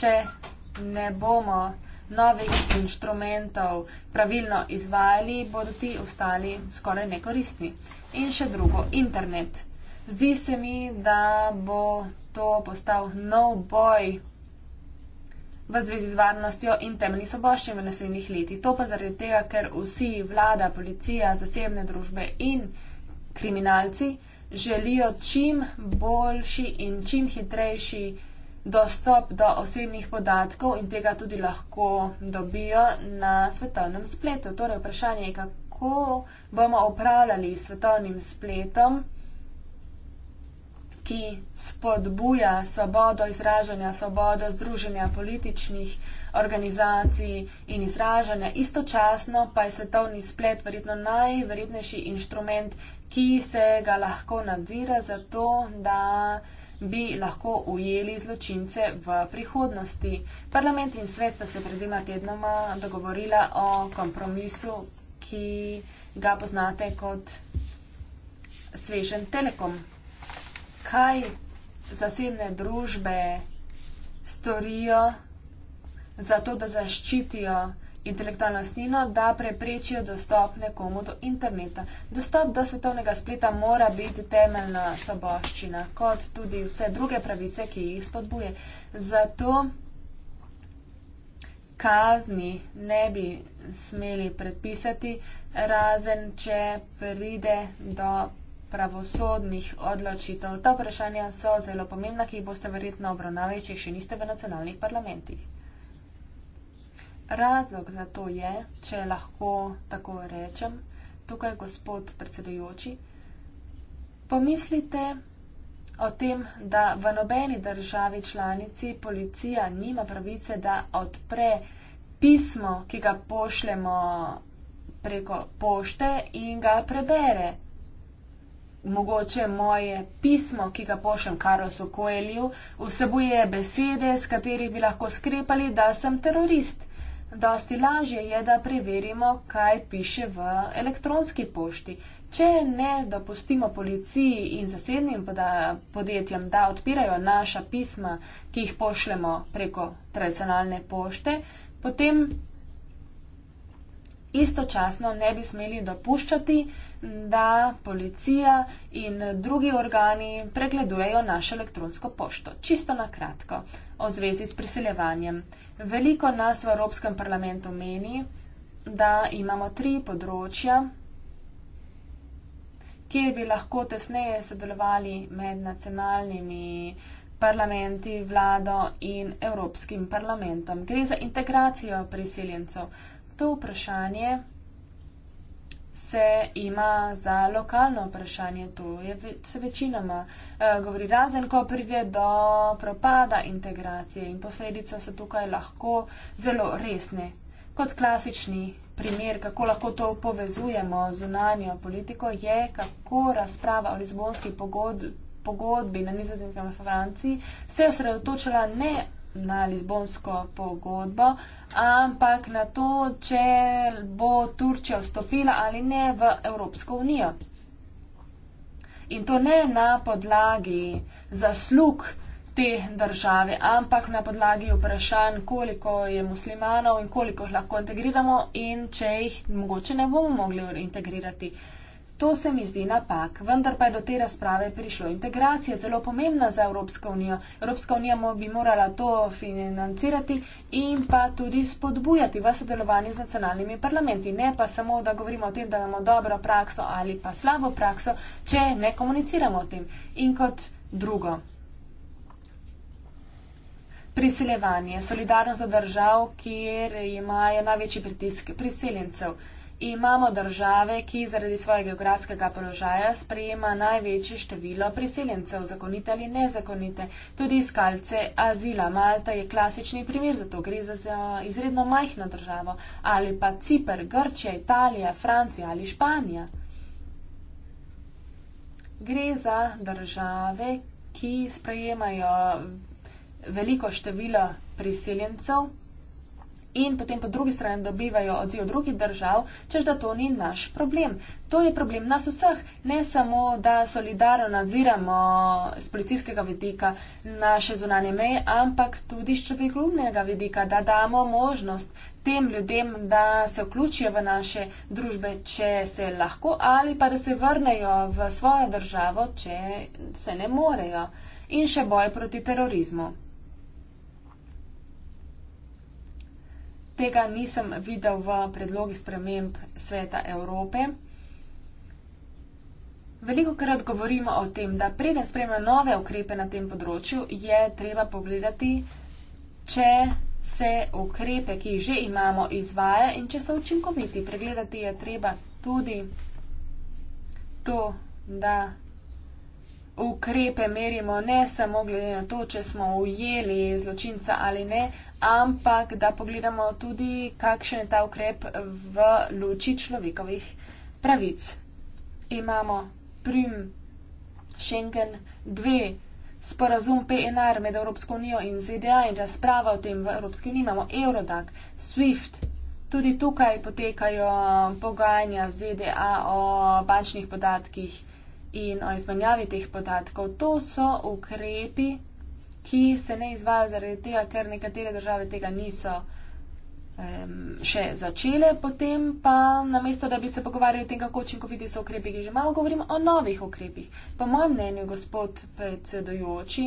če ne bomo novih inštrumentov pravilno izvajali, bodo ti ostali skoraj nekoristni. In še drugo, internet. Zdi se mi, da bo to postal nov boj v zvezi z varnostjo in temeljni soboščin v naslednjih letih. To pa zaradi tega, ker vsi vlada, policija, zasebne družbe in kriminalci želijo čim boljši in čim hitrejši dostop do osebnih podatkov in tega tudi lahko dobijo na svetovnem spletu. Torej, vprašanje je, kako bomo upravljali svetovnim spletom, ki spodbuja svobodo izražanja, svobodo združenja političnih organizacij in izražanja. Istočasno pa je svetovni splet verjetno najverjetnejši inštrument, ki se ga lahko nadzira zato, da bi lahko ujeli zločince v prihodnosti. Parlament in svet pa se pred dvema tednoma dogovorila o kompromisu, ki ga poznate kot svežen telekom. Kaj zasebne družbe storijo za to, da zaščitijo intelektualna snina, da preprečijo dostop nekomu do interneta. Dostop do svetovnega spleta mora biti temeljna soboščina, kot tudi vse druge pravice, ki jih spodbuje. Zato kazni ne bi smeli predpisati, razen če pride do pravosodnih odločitev. Ta vprašanja so zelo pomembna, ki jih boste verjetno obravnavali, če jih še niste v nacionalnih parlamentih. Razlog za to je, če lahko tako rečem, tukaj gospod predsedujoči, pomislite o tem, da v nobeni državi članici policija nima pravice, da odpre pismo, ki ga pošljemo preko pošte in ga prebere. Mogoče moje pismo, ki ga pošljem Karlosu Koelju, vsebuje besede, s katerih bi lahko skrepali, da sem terorist. Dosti lažje je, da preverimo, kaj piše v elektronski pošti. Če ne dopustimo policiji in zasebnim podjetjem, da odpirajo naša pisma, ki jih pošljemo preko tradicionalne pošte, potem istočasno ne bi smeli dopuščati, da policija in drugi organi pregledujejo našo elektronsko pošto. Čisto na kratko o zvezi s priseljevanjem. Veliko nas v Evropskem parlamentu meni, da imamo tri področja, kjer bi lahko tesneje sodelovali med nacionalnimi parlamenti, vlado in Evropskim parlamentom. Gre za integracijo priseljencev. To vprašanje se ima za lokalno vprašanje, to je se večinoma eh, govori razen, ko pride do propada integracije in posledice so tukaj lahko zelo resne. Kot klasični primer, kako lahko to povezujemo z unanjo politiko, je, kako razprava o lizbonski pogodbi na nizozemskem v Franciji se je osredotočila ne na lizbonsko pogodbo, ampak na to, če bo Turčija vstopila ali ne v Evropsko unijo. In to ne na podlagi zaslug te države, ampak na podlagi vprašanj, koliko je muslimanov in koliko jih lahko integriramo in če jih mogoče ne bomo mogli integrirati. Uh, To se mi zdi napak, vendar pa je do te razprave prišlo. Integracija je zelo pomembna za Evropsko unijo. Evropska unija bi morala to financirati in pa tudi spodbujati v sodelovanju z nacionalnimi parlamenti. Ne pa samo, da govorimo o tem, da imamo dobro prakso ali pa slabo prakso, če ne komuniciramo o tem. In kot drugo. Priseljevanje, solidarnost za držav, kjer imajo največji pritisk priseljencev imamo države, ki zaradi svojega geografskega položaja sprejema največje število priseljencev, zakonite ali nezakonite, tudi iskalce azila. Malta je klasični primer, zato gre za izredno majhno državo. Ali pa Cipr, Grčija, Italija, Francija ali Španija. Gre za države, ki sprejemajo veliko število priseljencev in potem po drugi strani dobivajo odziv drugih držav, čež da to ni naš problem. To je problem nas vseh, ne samo, da solidarno nadziramo z policijskega vidika naše zunanje meje, ampak tudi z človekovnega vidika, da damo možnost tem ljudem, da se vključijo v naše družbe, če se lahko, ali pa da se vrnejo v svojo državo, če se ne morejo. In še boj proti terorizmu. tega nisem videl v predlogih sprememb Sveta Evrope. Veliko krat govorimo o tem, da preden sprejme nove ukrepe na tem področju, je treba pogledati, če se ukrepe, ki jih že imamo, izvaja in če so učinkoviti. Pregledati je treba tudi to, da ukrepe merimo ne samo glede na to, če smo ujeli zločinca ali ne, ampak da pogledamo tudi, kakšen je ta ukrep v luči človekovih pravic. Imamo prim Schengen 2, sporazum PNR med Evropsko unijo in ZDA in razprava o tem v Evropski uniji, imamo Eurodac, SWIFT. Tudi tukaj potekajo pogajanja ZDA o bančnih podatkih in o izmenjavi teh podatkov. To so ukrepi, ki se ne izvaja zaradi tega, ker nekatere države tega niso še začele, potem pa namesto, da bi se pogovarjali o tem, kako učinkoviti so ukrepi, ki že imamo, govorimo o novih ukrepih. Po mojem mnenju, gospod predsedojoči,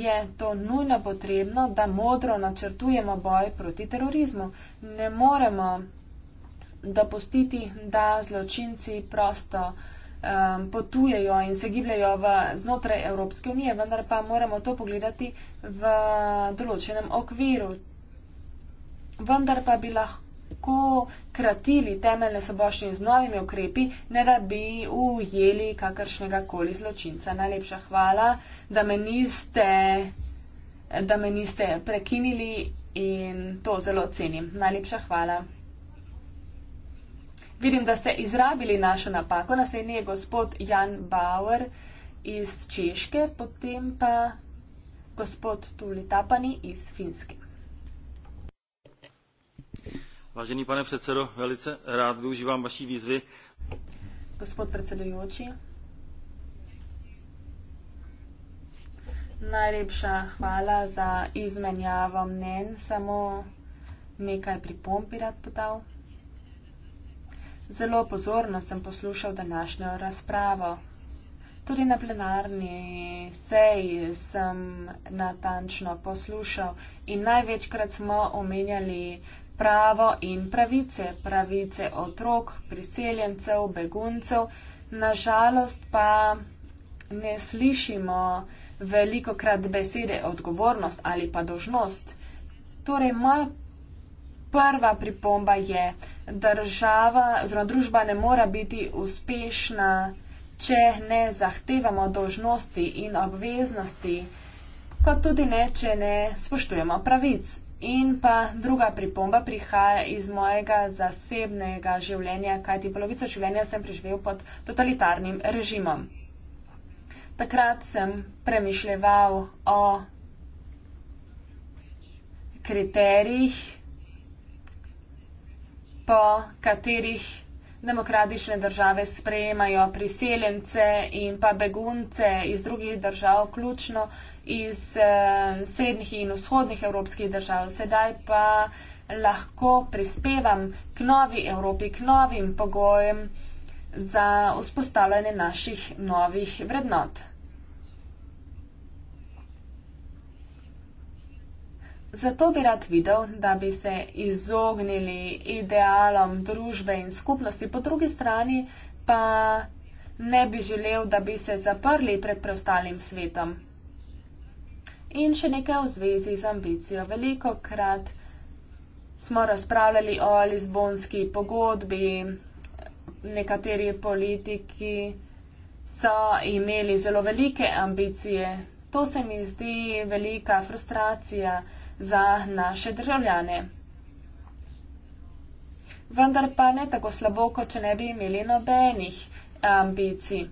je to nujno potrebno, da modro načrtujemo boj proti terorizmu. Ne moremo dopustiti, da zločinci prosto um, potujejo in se gibljajo v, znotraj Evropske unije, vendar pa moramo to pogledati v določenem okviru. Vendar pa bi lahko kratili temeljne soboščine z novimi ukrepi, ne da bi ujeli kakršnega koli zločinca. Najlepša hvala, da me niste, da me niste prekinili in to zelo cenim. Najlepša hvala. Vidim, da ste izrabili našo napako, naslednji je gospod Jan Bauer iz Češke, potem pa gospod Tuli Tapani iz Finske. Vážený pane predsedo, velice rád využívam vaši výzvy. Gospod predsedujoči, najlepša hvala za izmenjavo mnen, samo nekaj pripomb bi rad podal. Zelo pozorno sem poslušal današnjo razpravo. Tudi na plenarni seji sem natančno poslušal in največkrat smo omenjali pravo in pravice, pravice otrok, priseljencev, beguncev. Nažalost pa ne slišimo veliko krat besede odgovornost ali pa dožnost. Torej, moja prva pripomba je, država oziroma družba ne mora biti uspešna, če ne zahtevamo dožnosti in obveznosti, pa tudi ne, če ne spoštujemo pravic. In pa druga pripomba prihaja iz mojega zasebnega življenja, kajti polovico življenja sem preživel pod totalitarnim režimom. Takrat sem premišljeval o kriterijih, po katerih demokratične države sprejemajo priseljence in pa begunce iz drugih držav, vključno iz eh, srednjih in vzhodnih evropskih držav. Sedaj pa lahko prispevam k novi Evropi, k novim pogojem za vzpostavljanje naših novih vrednot. Zato bi rad videl, da bi se izognili idealom družbe in skupnosti, po drugi strani pa ne bi želel, da bi se zaprli pred preostalim svetom. In še nekaj v zvezi z ambicijo. Veliko krat smo razpravljali o Lizbonski pogodbi, nekateri politiki so imeli zelo velike ambicije. To se mi zdi velika frustracija za naše državljane. Vendar pa ne tako slabo, kot če ne bi imeli nobenih ambicij.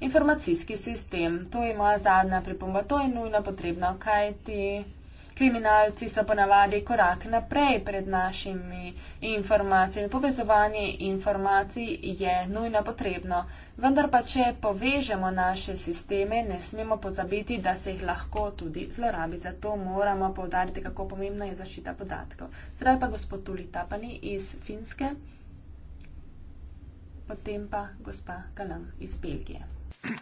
Informacijski sistem, to je moja zadnja pripomba, to je nujno potrebno, kaj ti. Kriminalci so ponavadi korak naprej pred našimi informacijami. Povezovanje informacij je nujno potrebno. Vendar pa, če povežemo naše sisteme, ne smemo pozabiti, da se jih lahko tudi zlorabi. Zato moramo povdariti, kako pomembna je zaščita podatkov. Zdaj pa gospod Tuli Tapani iz Finske, potem pa gospa Kalam iz Belgije.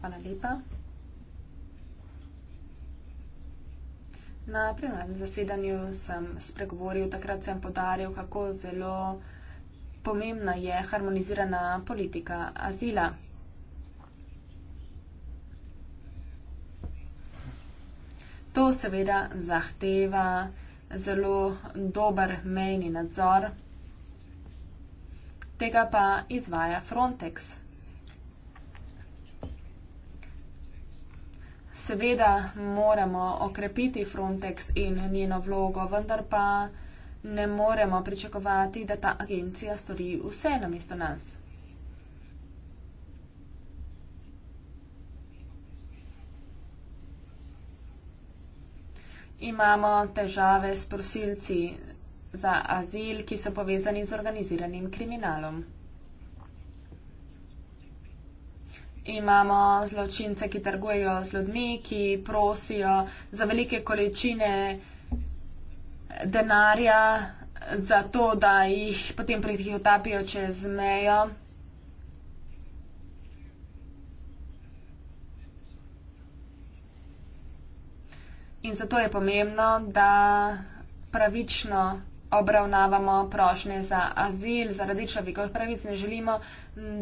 Hvala lepa. Na plenarnem zasedanju sem spregovoril, takrat sem podaril, kako zelo pomembna je harmonizirana politika azila. To seveda zahteva zelo dober mejni nadzor, tega pa izvaja Frontex. seveda moramo okrepiti Frontex in njeno vlogo, vendar pa ne moremo pričakovati, da ta agencija stori vse namesto nas. Imamo težave s prosilci za azil, ki so povezani z organiziranim kriminalom. imamo zločince, ki trgujejo z ljudmi, ki prosijo za velike količine denarja, zato da jih potem prihitapijo čez mejo. In zato je pomembno, da pravično obravnavamo prošlje za azil zaradi človekovih pravic, ne želimo,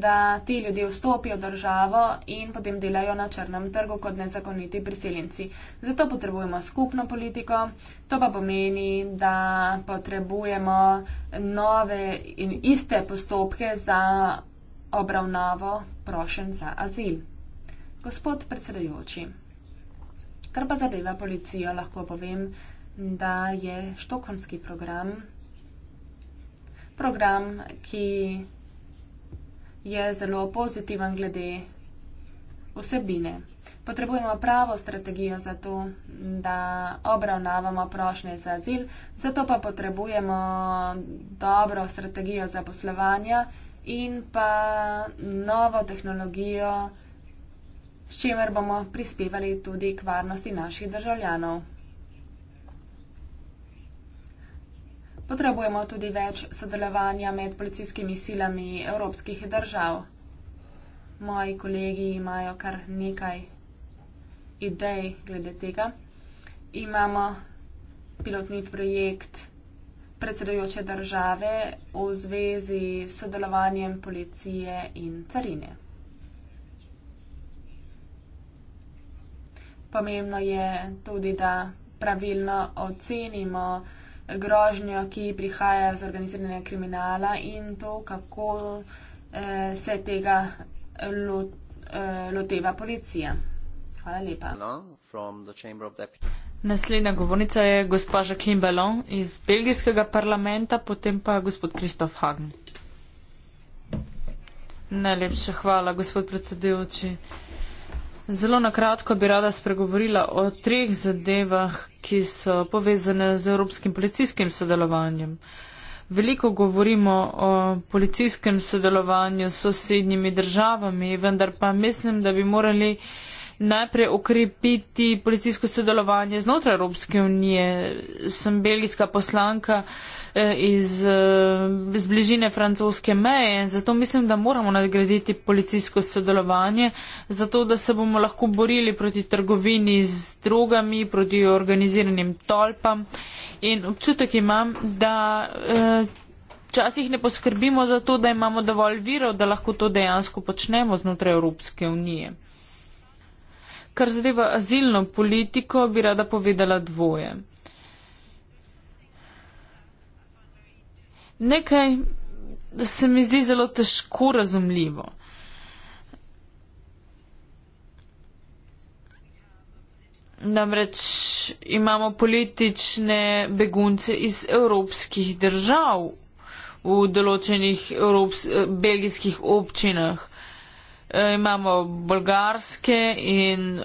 da ti ljudje vstopijo v državo in potem delajo na črnem trgu kot nezakoniti priseljenci. Zato potrebujemo skupno politiko, to pa pomeni, da potrebujemo nove in iste postopke za obravnavo prošen za azil. Gospod predsedajoči, kar pa zadeva policijo, lahko povem, da je štokholmski program program, ki je zelo pozitiven glede vsebine. Potrebujemo pravo strategijo za to, da obravnavamo prošnje za azil, zato pa potrebujemo dobro strategijo za poslovanje in pa novo tehnologijo, s čimer bomo prispevali tudi k varnosti naših državljanov. Potrebujemo tudi več sodelovanja med policijskimi silami evropskih držav. Moji kolegi imajo kar nekaj idej glede tega. Imamo pilotni projekt predsedujoče države v zvezi s sodelovanjem policije in carine. Pomembno je tudi, da pravilno ocenimo, grožnjo, ki prihaja iz organiziranega kriminala in to, kako eh, se tega lot, eh, loteva policija. Hvala lepa. Naslednja govornica je gospa Jacqueline Ballon iz belgijskega parlamenta, potem pa gospod Kristof Hagn. Najlepša hvala, gospod predsedujoči. Zelo na kratko bi rada spregovorila o treh zadevah, ki so povezane z evropskim policijskim sodelovanjem. Veliko govorimo o policijskem sodelovanju s sosednjimi državami, vendar pa mislim, da bi morali najprej okrepiti policijsko sodelovanje znotraj Evropske unije. Sem belgijska poslanka eh, iz, eh, iz bližine francoske meje in zato mislim, da moramo nadgraditi policijsko sodelovanje, zato da se bomo lahko borili proti trgovini z drogami, proti organiziranim tolpam. In občutek imam, da. Eh, včasih ne poskrbimo za to, da imamo dovolj virov, da lahko to dejansko počnemo znotraj Evropske unije. Kar zadeva azilno politiko, bi rada povedala dvoje. Nekaj se mi zdi zelo težko razumljivo. Namreč imamo politične begunce iz evropskih držav v določenih evrops, eh, belgijskih občinah. Eh, imamo bolgarske in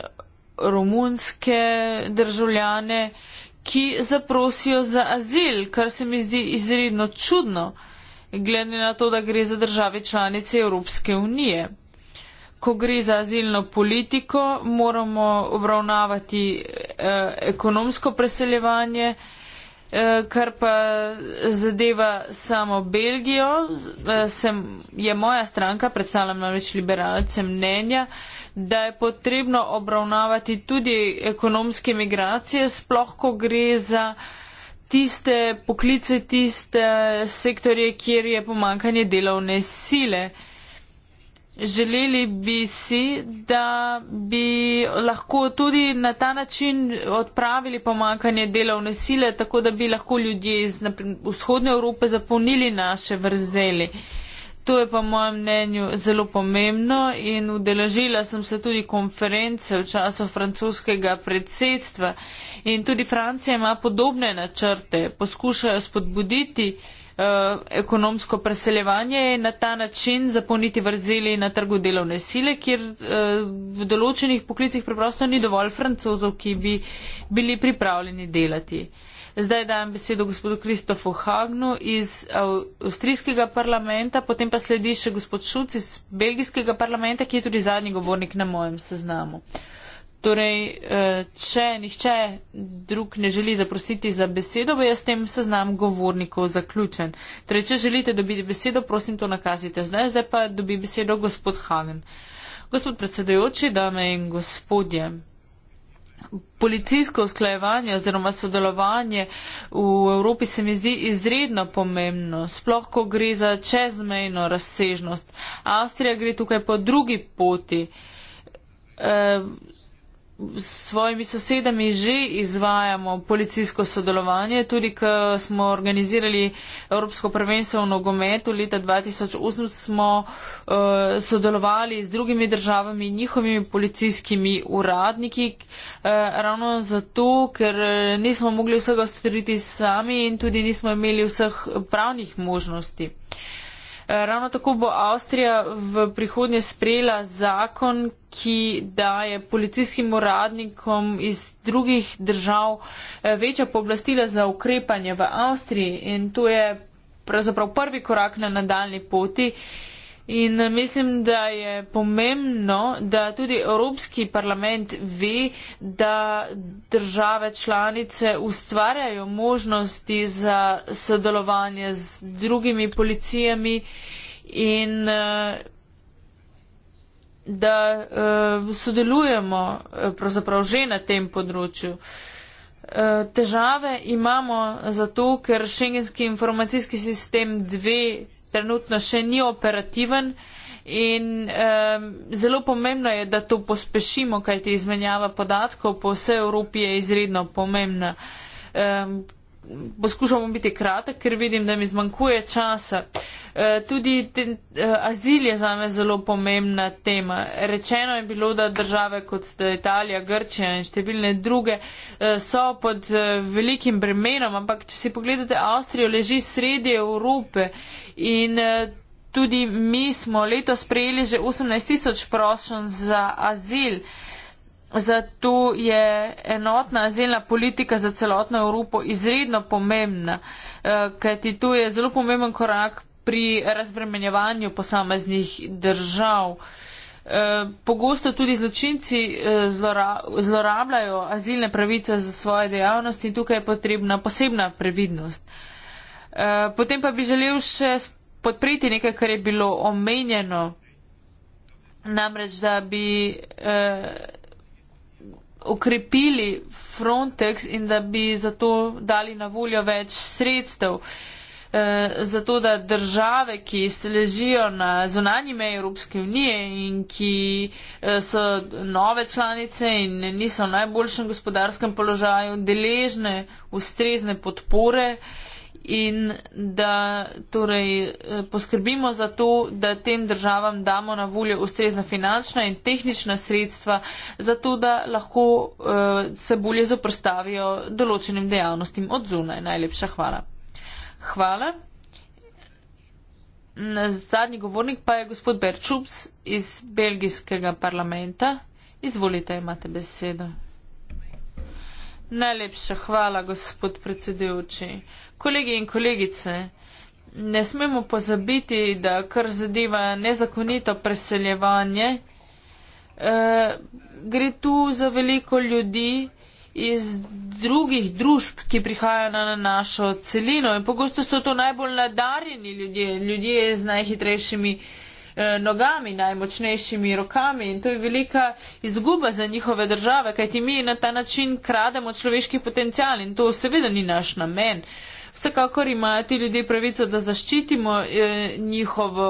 romunske državljane, ki zaprosijo za azil, kar se mi zdi izredno čudno, glede na to, da gre za države članice Evropske unije. Ko gre za azilno politiko, moramo obravnavati eh, ekonomsko preseljevanje, eh, Eh, kar pa zadeva samo Belgijo, eh, sem, je moja stranka, predstavljam namreč liberalce mnenja, da je potrebno obravnavati tudi ekonomske migracije, sploh ko gre za tiste poklice, tiste sektorje, kjer je pomankanje delovne sile. Želeli bi si, da bi lahko tudi na ta način odpravili pomankanje delovne sile, tako da bi lahko ljudje iz naprimer, vzhodne Evrope zapolnili naše vrzeli. To je po mojem mnenju zelo pomembno in udeležila sem se tudi konference v času francoskega predsedstva in tudi Francija ima podobne načrte, poskušajo spodbuditi. Eh, ekonomsko preseljevanje in na ta način zapolniti vrzeli na trgu delovne sile, kjer eh, v določenih poklicih preprosto ni dovolj francozov, ki bi bili pripravljeni delati. Zdaj dajem besedo gospodu Kristofu Hagnu iz avstrijskega parlamenta, potem pa sledi še gospod Šuc iz belgijskega parlamenta, ki je tudi zadnji govornik na mojem seznamu. Uh, Torej, eh, če nihče drug ne želi zaprositi za besedo, bo jaz s tem seznam govornikov zaključen. Torej, če želite dobiti besedo, prosim to nakazite zdaj, zdaj pa dobi besedo gospod Hanen. Gospod predsedajoči, dame in gospodje. Policijsko usklajevanje oziroma sodelovanje v Evropi se mi zdi izredno pomembno, sploh ko gre za čezmejno razsežnost. Avstrija gre tukaj po drugi poti. E, s svojimi sosedami že izvajamo policijsko sodelovanje, tudi ko smo organizirali Evropsko prvenstvo v nogometu leta 2008, smo uh, sodelovali z drugimi državami, njihovimi policijskimi uradniki, uh, ravno zato, ker eh, nismo mogli vsega storiti sami in tudi nismo imeli vseh pravnih možnosti. Uh, Ravno tako bo Avstrija v prihodnje sprejela zakon, ki daje policijskim uradnikom iz drugih držav eh, večja pooblastila za ukrepanje v Avstriji in to je pravzaprav prvi korak na nadaljni poti. In mislim, da je pomembno, da tudi Evropski parlament ve, da države članice ustvarjajo možnosti za sodelovanje z drugimi policijami in eh, da eh, sodelujemo eh, pravzaprav že na tem področju. Težave imamo zato, ker šengenski informacijski sistem 2 trenutno še ni operativen. In eh, zelo pomembno je, da to pospešimo, kajti izmenjava podatkov po vsej Evropi je izredno pomembna. Eh, poskušal bom biti kratek, ker vidim, da mi zmanjkuje časa. E, tudi te, e, azil je za me zelo pomembna tema. Rečeno je bilo, da države kot Italija, Grčija in številne druge e, so pod velikim bremenom, ampak če si pogledate, Avstrijo leži sredi Evrope in tudi mi smo letos prejeli že 18 tisoč prošen za azil. Zato je enotna azilna politika za celotno Evropo izredno pomembna, eh, kajti to je zelo pomemben korak pri razbremenjevanju posameznih držav. Eh, pogosto tudi zločinci eh, zlorabljajo azilne pravice za svoje dejavnosti in tukaj je potrebna posebna previdnost. Potem pa bi želel še podpreti nekaj, kar je bilo omenjeno. Namreč, da bi okrepili Frontex in da bi zato dali na voljo več sredstev. Eh, zato, da države, ki se ležijo na zunanji meji Evropske unije in ki eh, so nove članice in niso v najboljšem gospodarskem položaju, deležne ustrezne podpore, in da torej, eh, poskrbimo za to, da tem državam damo na voljo ustrezna finančna in tehnična sredstva, zato da lahko uh, se bolje zoprstavijo določenim dejavnostim od zunaj. Najlepša hvala. Hvala. Na zadnji govornik pa je gospod Berčups iz belgijskega parlamenta. Izvolite, imate besedo. Najlepša hvala, gospod predsedujoči. Kolegi in kolegice, ne smemo pozabiti, da kar zadeva nezakonito preseljevanje, e, gre tu za veliko ljudi iz drugih družb, ki prihajajo na našo celino in pogosto so to najbolj nadarjeni ljudje, ljudje z najhitrejšimi. Eh, nogami, najmočnejšimi rokami in to je velika izguba za njihove države, kajti mi na ta način krademo človeški potencial in to seveda ni naš namen. Vsekakor imajo ti ljudje pravico, da zaščitimo eh, njihovo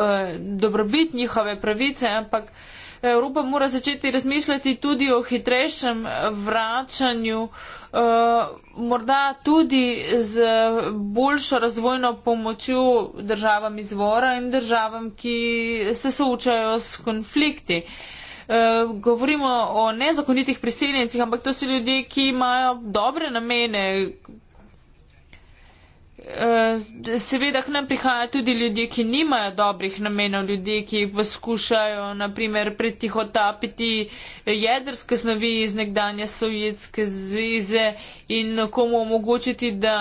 eh, dobrobit, njihove pravice, ampak eh, Evropa mora začeti razmišljati tudi o hitrejšem vračanju, eh, morda tudi z boljšo razvojno pomočjo državam izvora in državam, ki se soočajo s konflikti. Eh, govorimo o nezakonitih priseljencih, ampak to so ljudje, ki imajo dobre namene, Eh, seveda k nam prihajajo tudi ljudje, ki nimajo dobrih namenov, ljudje, ki poskušajo naprimer pretihotapiti jedrske snovi iz nekdanja Sovjetske zveze in komu omogočiti, da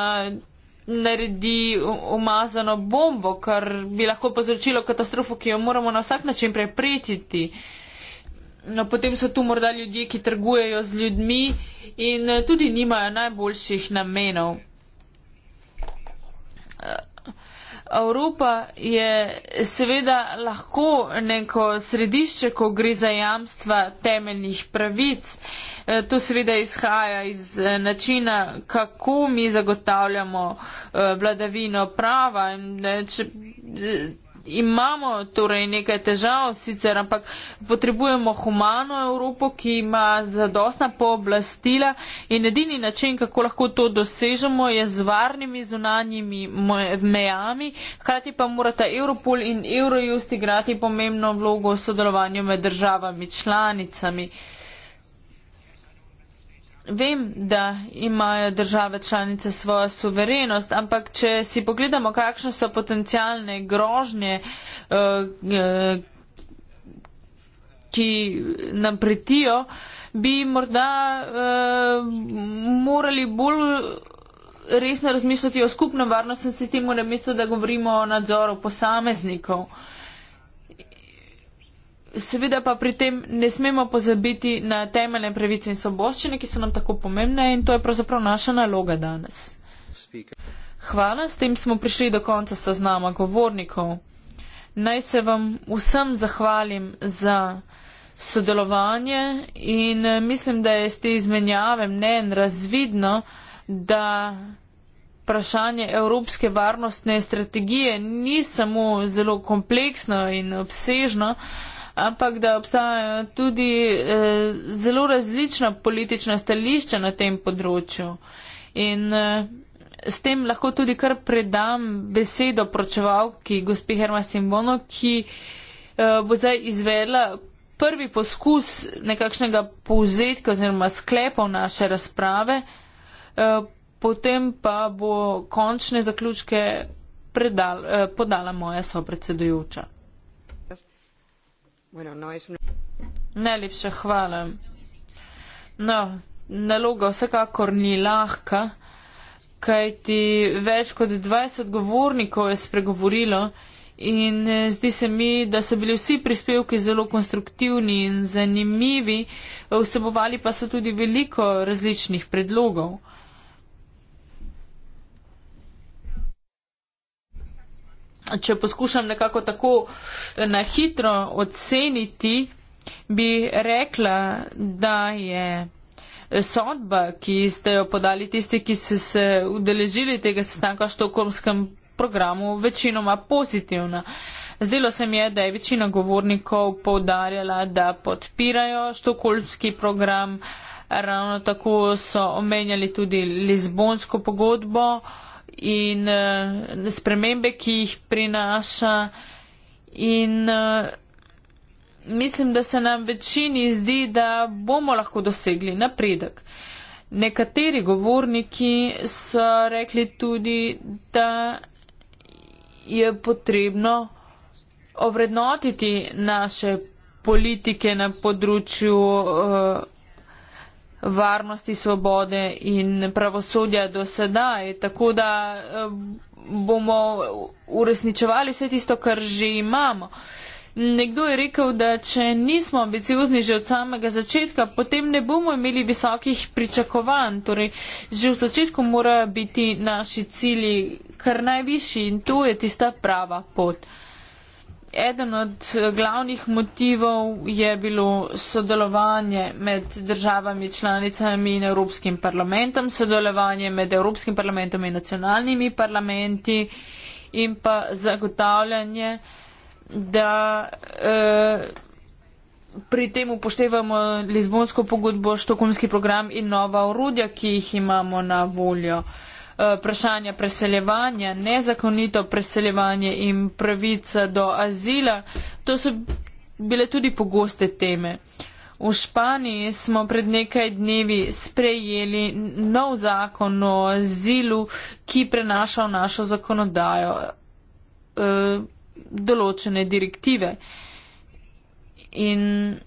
naredi umazano bombo, kar bi lahko povzročilo katastrofo, ki jo moramo na vsak način preprečiti. No, potem so tu morda ljudje, ki trgujejo z ljudmi in tudi nimajo najboljših namenov. Evropa je seveda lahko neko središče, ko gre za jamstva temeljnih pravic. E, to seveda izhaja iz e, načina, kako mi zagotavljamo e, vladavino prava. Če, Imamo torej nekaj težav, sicer, ampak potrebujemo humano Evropo, ki ima zadostna pooblastila in edini način, kako lahko to dosežemo, je z varnimi zunanjimi mejami. Hkrati pa morata Europol in Eurojust igrati pomembno vlogo v sodelovanju med državami članicami. Vem, da imajo države članice svojo suverenost, ampak če si pogledamo, kakšne so potencijalne grožnje, eh, eh, ki nam pretijo, bi morda eh, morali bolj resno razmisliti o skupnem varnostnem sistemu, namesto da govorimo o nadzoru posameznikov. Seveda pa pri tem ne smemo pozabiti na temeljne pravice in soboščine, ki so nam tako pomembne in to je pravzaprav naša naloga danes. Hvala, s tem smo prišli do konca seznama govornikov. Naj se vam vsem zahvalim za sodelovanje in eh, mislim, da je s te izmenjave mnen razvidno, da vprašanje evropske varnostne strategije ni samo zelo kompleksno in obsežno, ampak da obstajajo tudi eh, zelo različna politična stališča na tem področju. In eh, s tem lahko tudi kar predam besedo pročevalki gospi Herma Simbono, ki eh, bo zdaj izvedla prvi poskus nekakšnega povzetka oziroma sklepov naše razprave, eh, potem pa bo končne zaključke predal, eh, podala moja sopredsedujoča. No, Najlepša hvala. No, naloga vsekakor ni lahka, kajti več kot 20 govornikov je spregovorilo in eh, zdi se mi, da so bili vsi prispevki zelo konstruktivni in zanimivi, vsebovali pa so tudi veliko različnih predlogov. če poskušam nekako tako eh, na hitro oceniti, bi rekla, da je eh, sodba, ki ste jo podali tisti, ki ste se udeležili tega sestanka v štokomskem programu, večinoma pozitivna. Zdelo se mi je, da je večina govornikov povdarjala, da podpirajo štokolmski program, ravno tako so omenjali tudi Lizbonsko pogodbo, uh, in uh, spremembe, ki jih prinaša. In uh, mislim, da se nam večini zdi, da bomo lahko dosegli napredek. Nekateri govorniki so rekli tudi, da je potrebno ovrednotiti naše politike na področju. Uh, varnosti, svobode in pravosodja do sedaj. Tako da eh, bomo uresničevali vse tisto, kar že imamo. Nekdo je rekel, da če nismo ambiciozni že od samega začetka, potem ne bomo imeli visokih pričakovanj. Torej, že v začetku morajo biti naši cilji kar najvišji in to je tista prava pot. Eden od glavnih motivov je bilo sodelovanje med državami članicami in Evropskim parlamentom, sodelovanje med Evropskim parlamentom in nacionalnimi parlamenti in pa zagotavljanje, da eh, pri tem upoštevamo Lizbonsko pogodbo, štokumski program in nova orodja, ki jih imamo na voljo. Eh, Eh, vprašanja preseljevanja, nezakonito preseljevanje in pravica do azila, to so bile tudi pogoste teme. V Španiji smo pred nekaj dnevi sprejeli nov zakon o azilu, ki prenaša v našo zakonodajo eh, določene direktive. In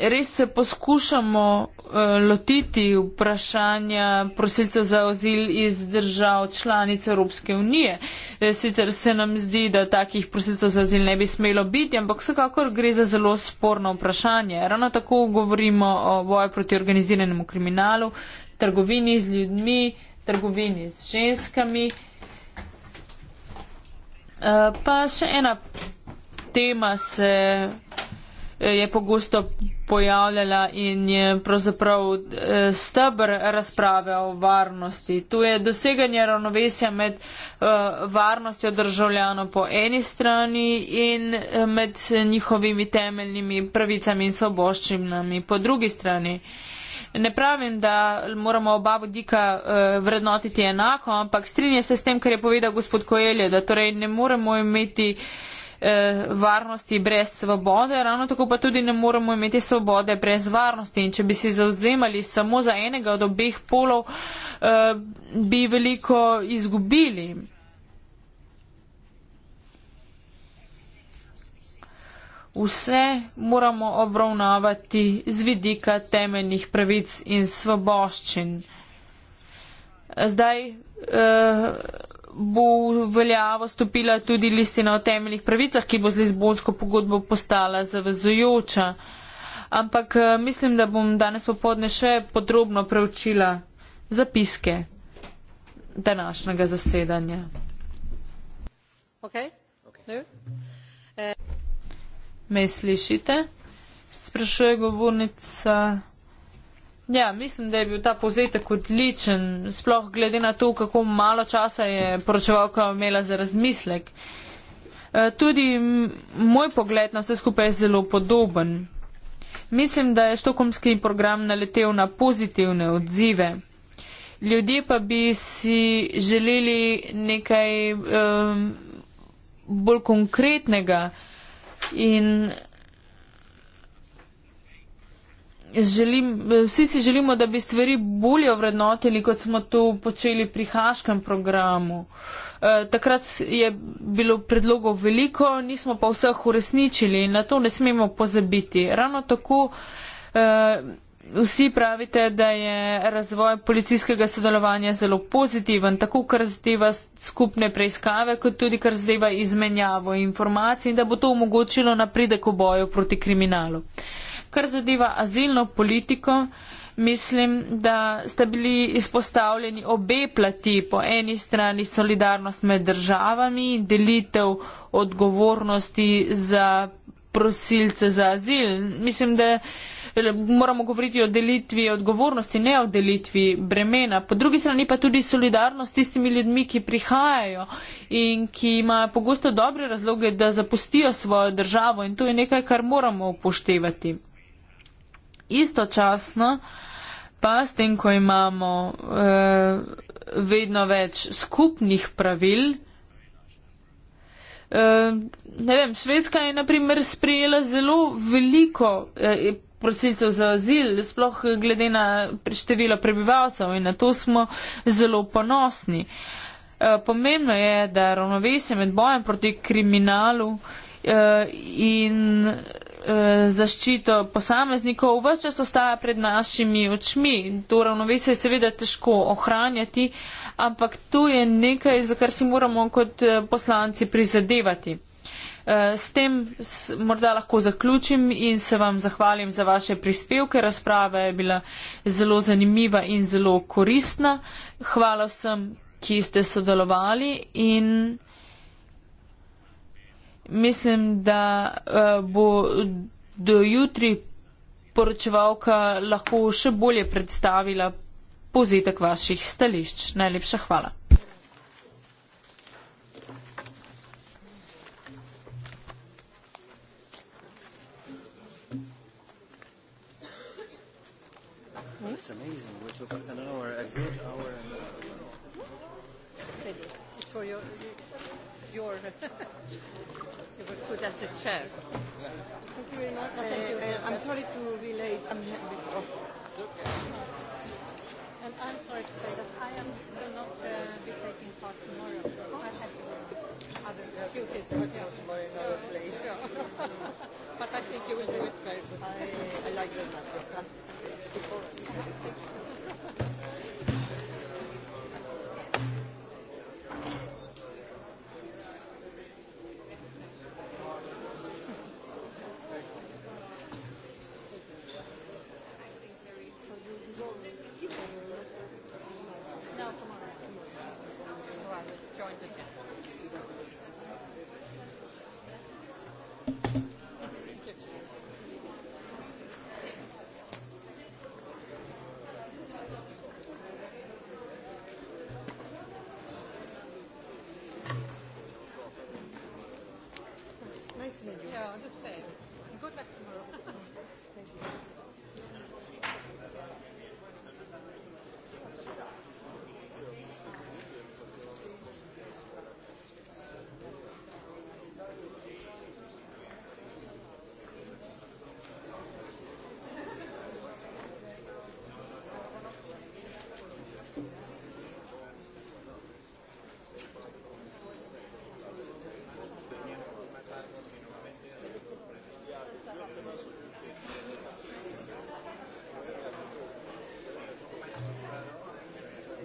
res se poskušamo uh, lotiti vprašanja prosilcev za ozil iz držav članic Evropske unije. Eh, sicer se nam zdi, da takih prosilcev za ozil ne bi smelo biti, ampak vsekakor gre za zelo sporno vprašanje. Ravno tako govorimo o boju proti organiziranemu kriminalu, trgovini z ljudmi, trgovini z ženskami. Uh, pa še ena tema se je pogosto pojavljala in je pravzaprav eh, stebr razprave o varnosti. Tu je doseganje ravnovesja med eh, varnostjo državljano po eni strani in eh, med njihovimi temeljnimi pravicami in svoboščinami po drugi strani. Ne pravim, da moramo oba vodika vrednotiti enako, ampak strinje se s tem, kar je povedal gospod Koelje, da torej ne moremo imeti eh, varnosti brez svobode, ravno tako pa tudi ne moremo imeti svobode brez varnosti. In če bi se zauzemali samo za enega od obeh polov, eh, bi veliko izgubili. Vse moramo obravnavati z vidika temeljnih pravic in svoboščin. Zdaj, eh, bo veljavo stopila tudi listina o temeljnih pravicah, ki bo z Lizbonsko pogodbo postala zavezujoča. Ampak eh, mislim, da bom danes popodne še podrobno preučila zapiske današnjega zasedanja. Okay. Okay. Me slišite? Sprašuje govornica. Ja, mislim, da je bil ta povzetek odličen, sploh glede na to, kako malo časa je poročevalka imela za razmislek. E, tudi moj pogled na vse skupaj je zelo podoben. Mislim, da je štokomski program naletel na pozitivne odzive. Ljudje pa bi si želeli nekaj um, bolj konkretnega in želim, vsi si želimo, da bi stvari bolje ovrednotili, kot smo to počeli pri Haškem programu. E, takrat je bilo predlogov veliko, nismo pa vseh uresničili in na to ne smemo pozabiti. Ravno tako e, vsi pravite, da je razvoj policijskega sodelovanja zelo pozitiven, tako kar zadeva skupne preiskave, kot tudi kar zadeva izmenjavo informacij in da bo to omogočilo napredek v boju proti kriminalu. Kar zadeva azilno politiko, mislim, da sta bili izpostavljeni obe plati. Po eni strani solidarnost med državami in delitev odgovornosti za prosilce za azil. Mislim, da eh, moramo govoriti o delitvi odgovornosti, ne o delitvi bremena. Po drugi strani pa tudi solidarnost s tistimi ljudmi, ki prihajajo in ki imajo pogosto dobre razloge, da zapustijo svojo državo in to je nekaj, kar moramo upoštevati istočasno pa s tem, ko imamo uh, vedno več skupnih pravil, eh, Ne vem, Švedska je naprimer sprejela zelo veliko eh, prosilcev za azil, sploh glede na število prebivalcev in na to smo zelo ponosni. Pomembno je, da je ravnovesje med bojem proti kriminalu in Eh, zaščito posameznikov, vse čas ostaja pred našimi očmi. To ravnovesje je seveda težko ohranjati, ampak to je nekaj, za kar si moramo kot eh, poslanci prizadevati. Eh, s tem morda lahko zaključim in se vam zahvalim za vaše prispevke. Razprava je bila zelo zanimiva in zelo koristna. Hvala vsem, ki ste sodelovali in mislim, da uh, bo do jutri poročevalka lahko še bolje predstavila pozitek vaših stališč. Najlepša hvala. It's amazing. We took an hour, a good hour and a good hour for your, your, your report as a chair. Thank you very much. Uh, thank you. Uh, uh, I'm sorry to be late. I'm a bit off. It's okay. And I'm sorry to say that I am, will not uh, be taking part tomorrow. Oh. I have other duties. Tomorrow in another place. So. but I think you will do it very good. I, I like the matter. Thank you.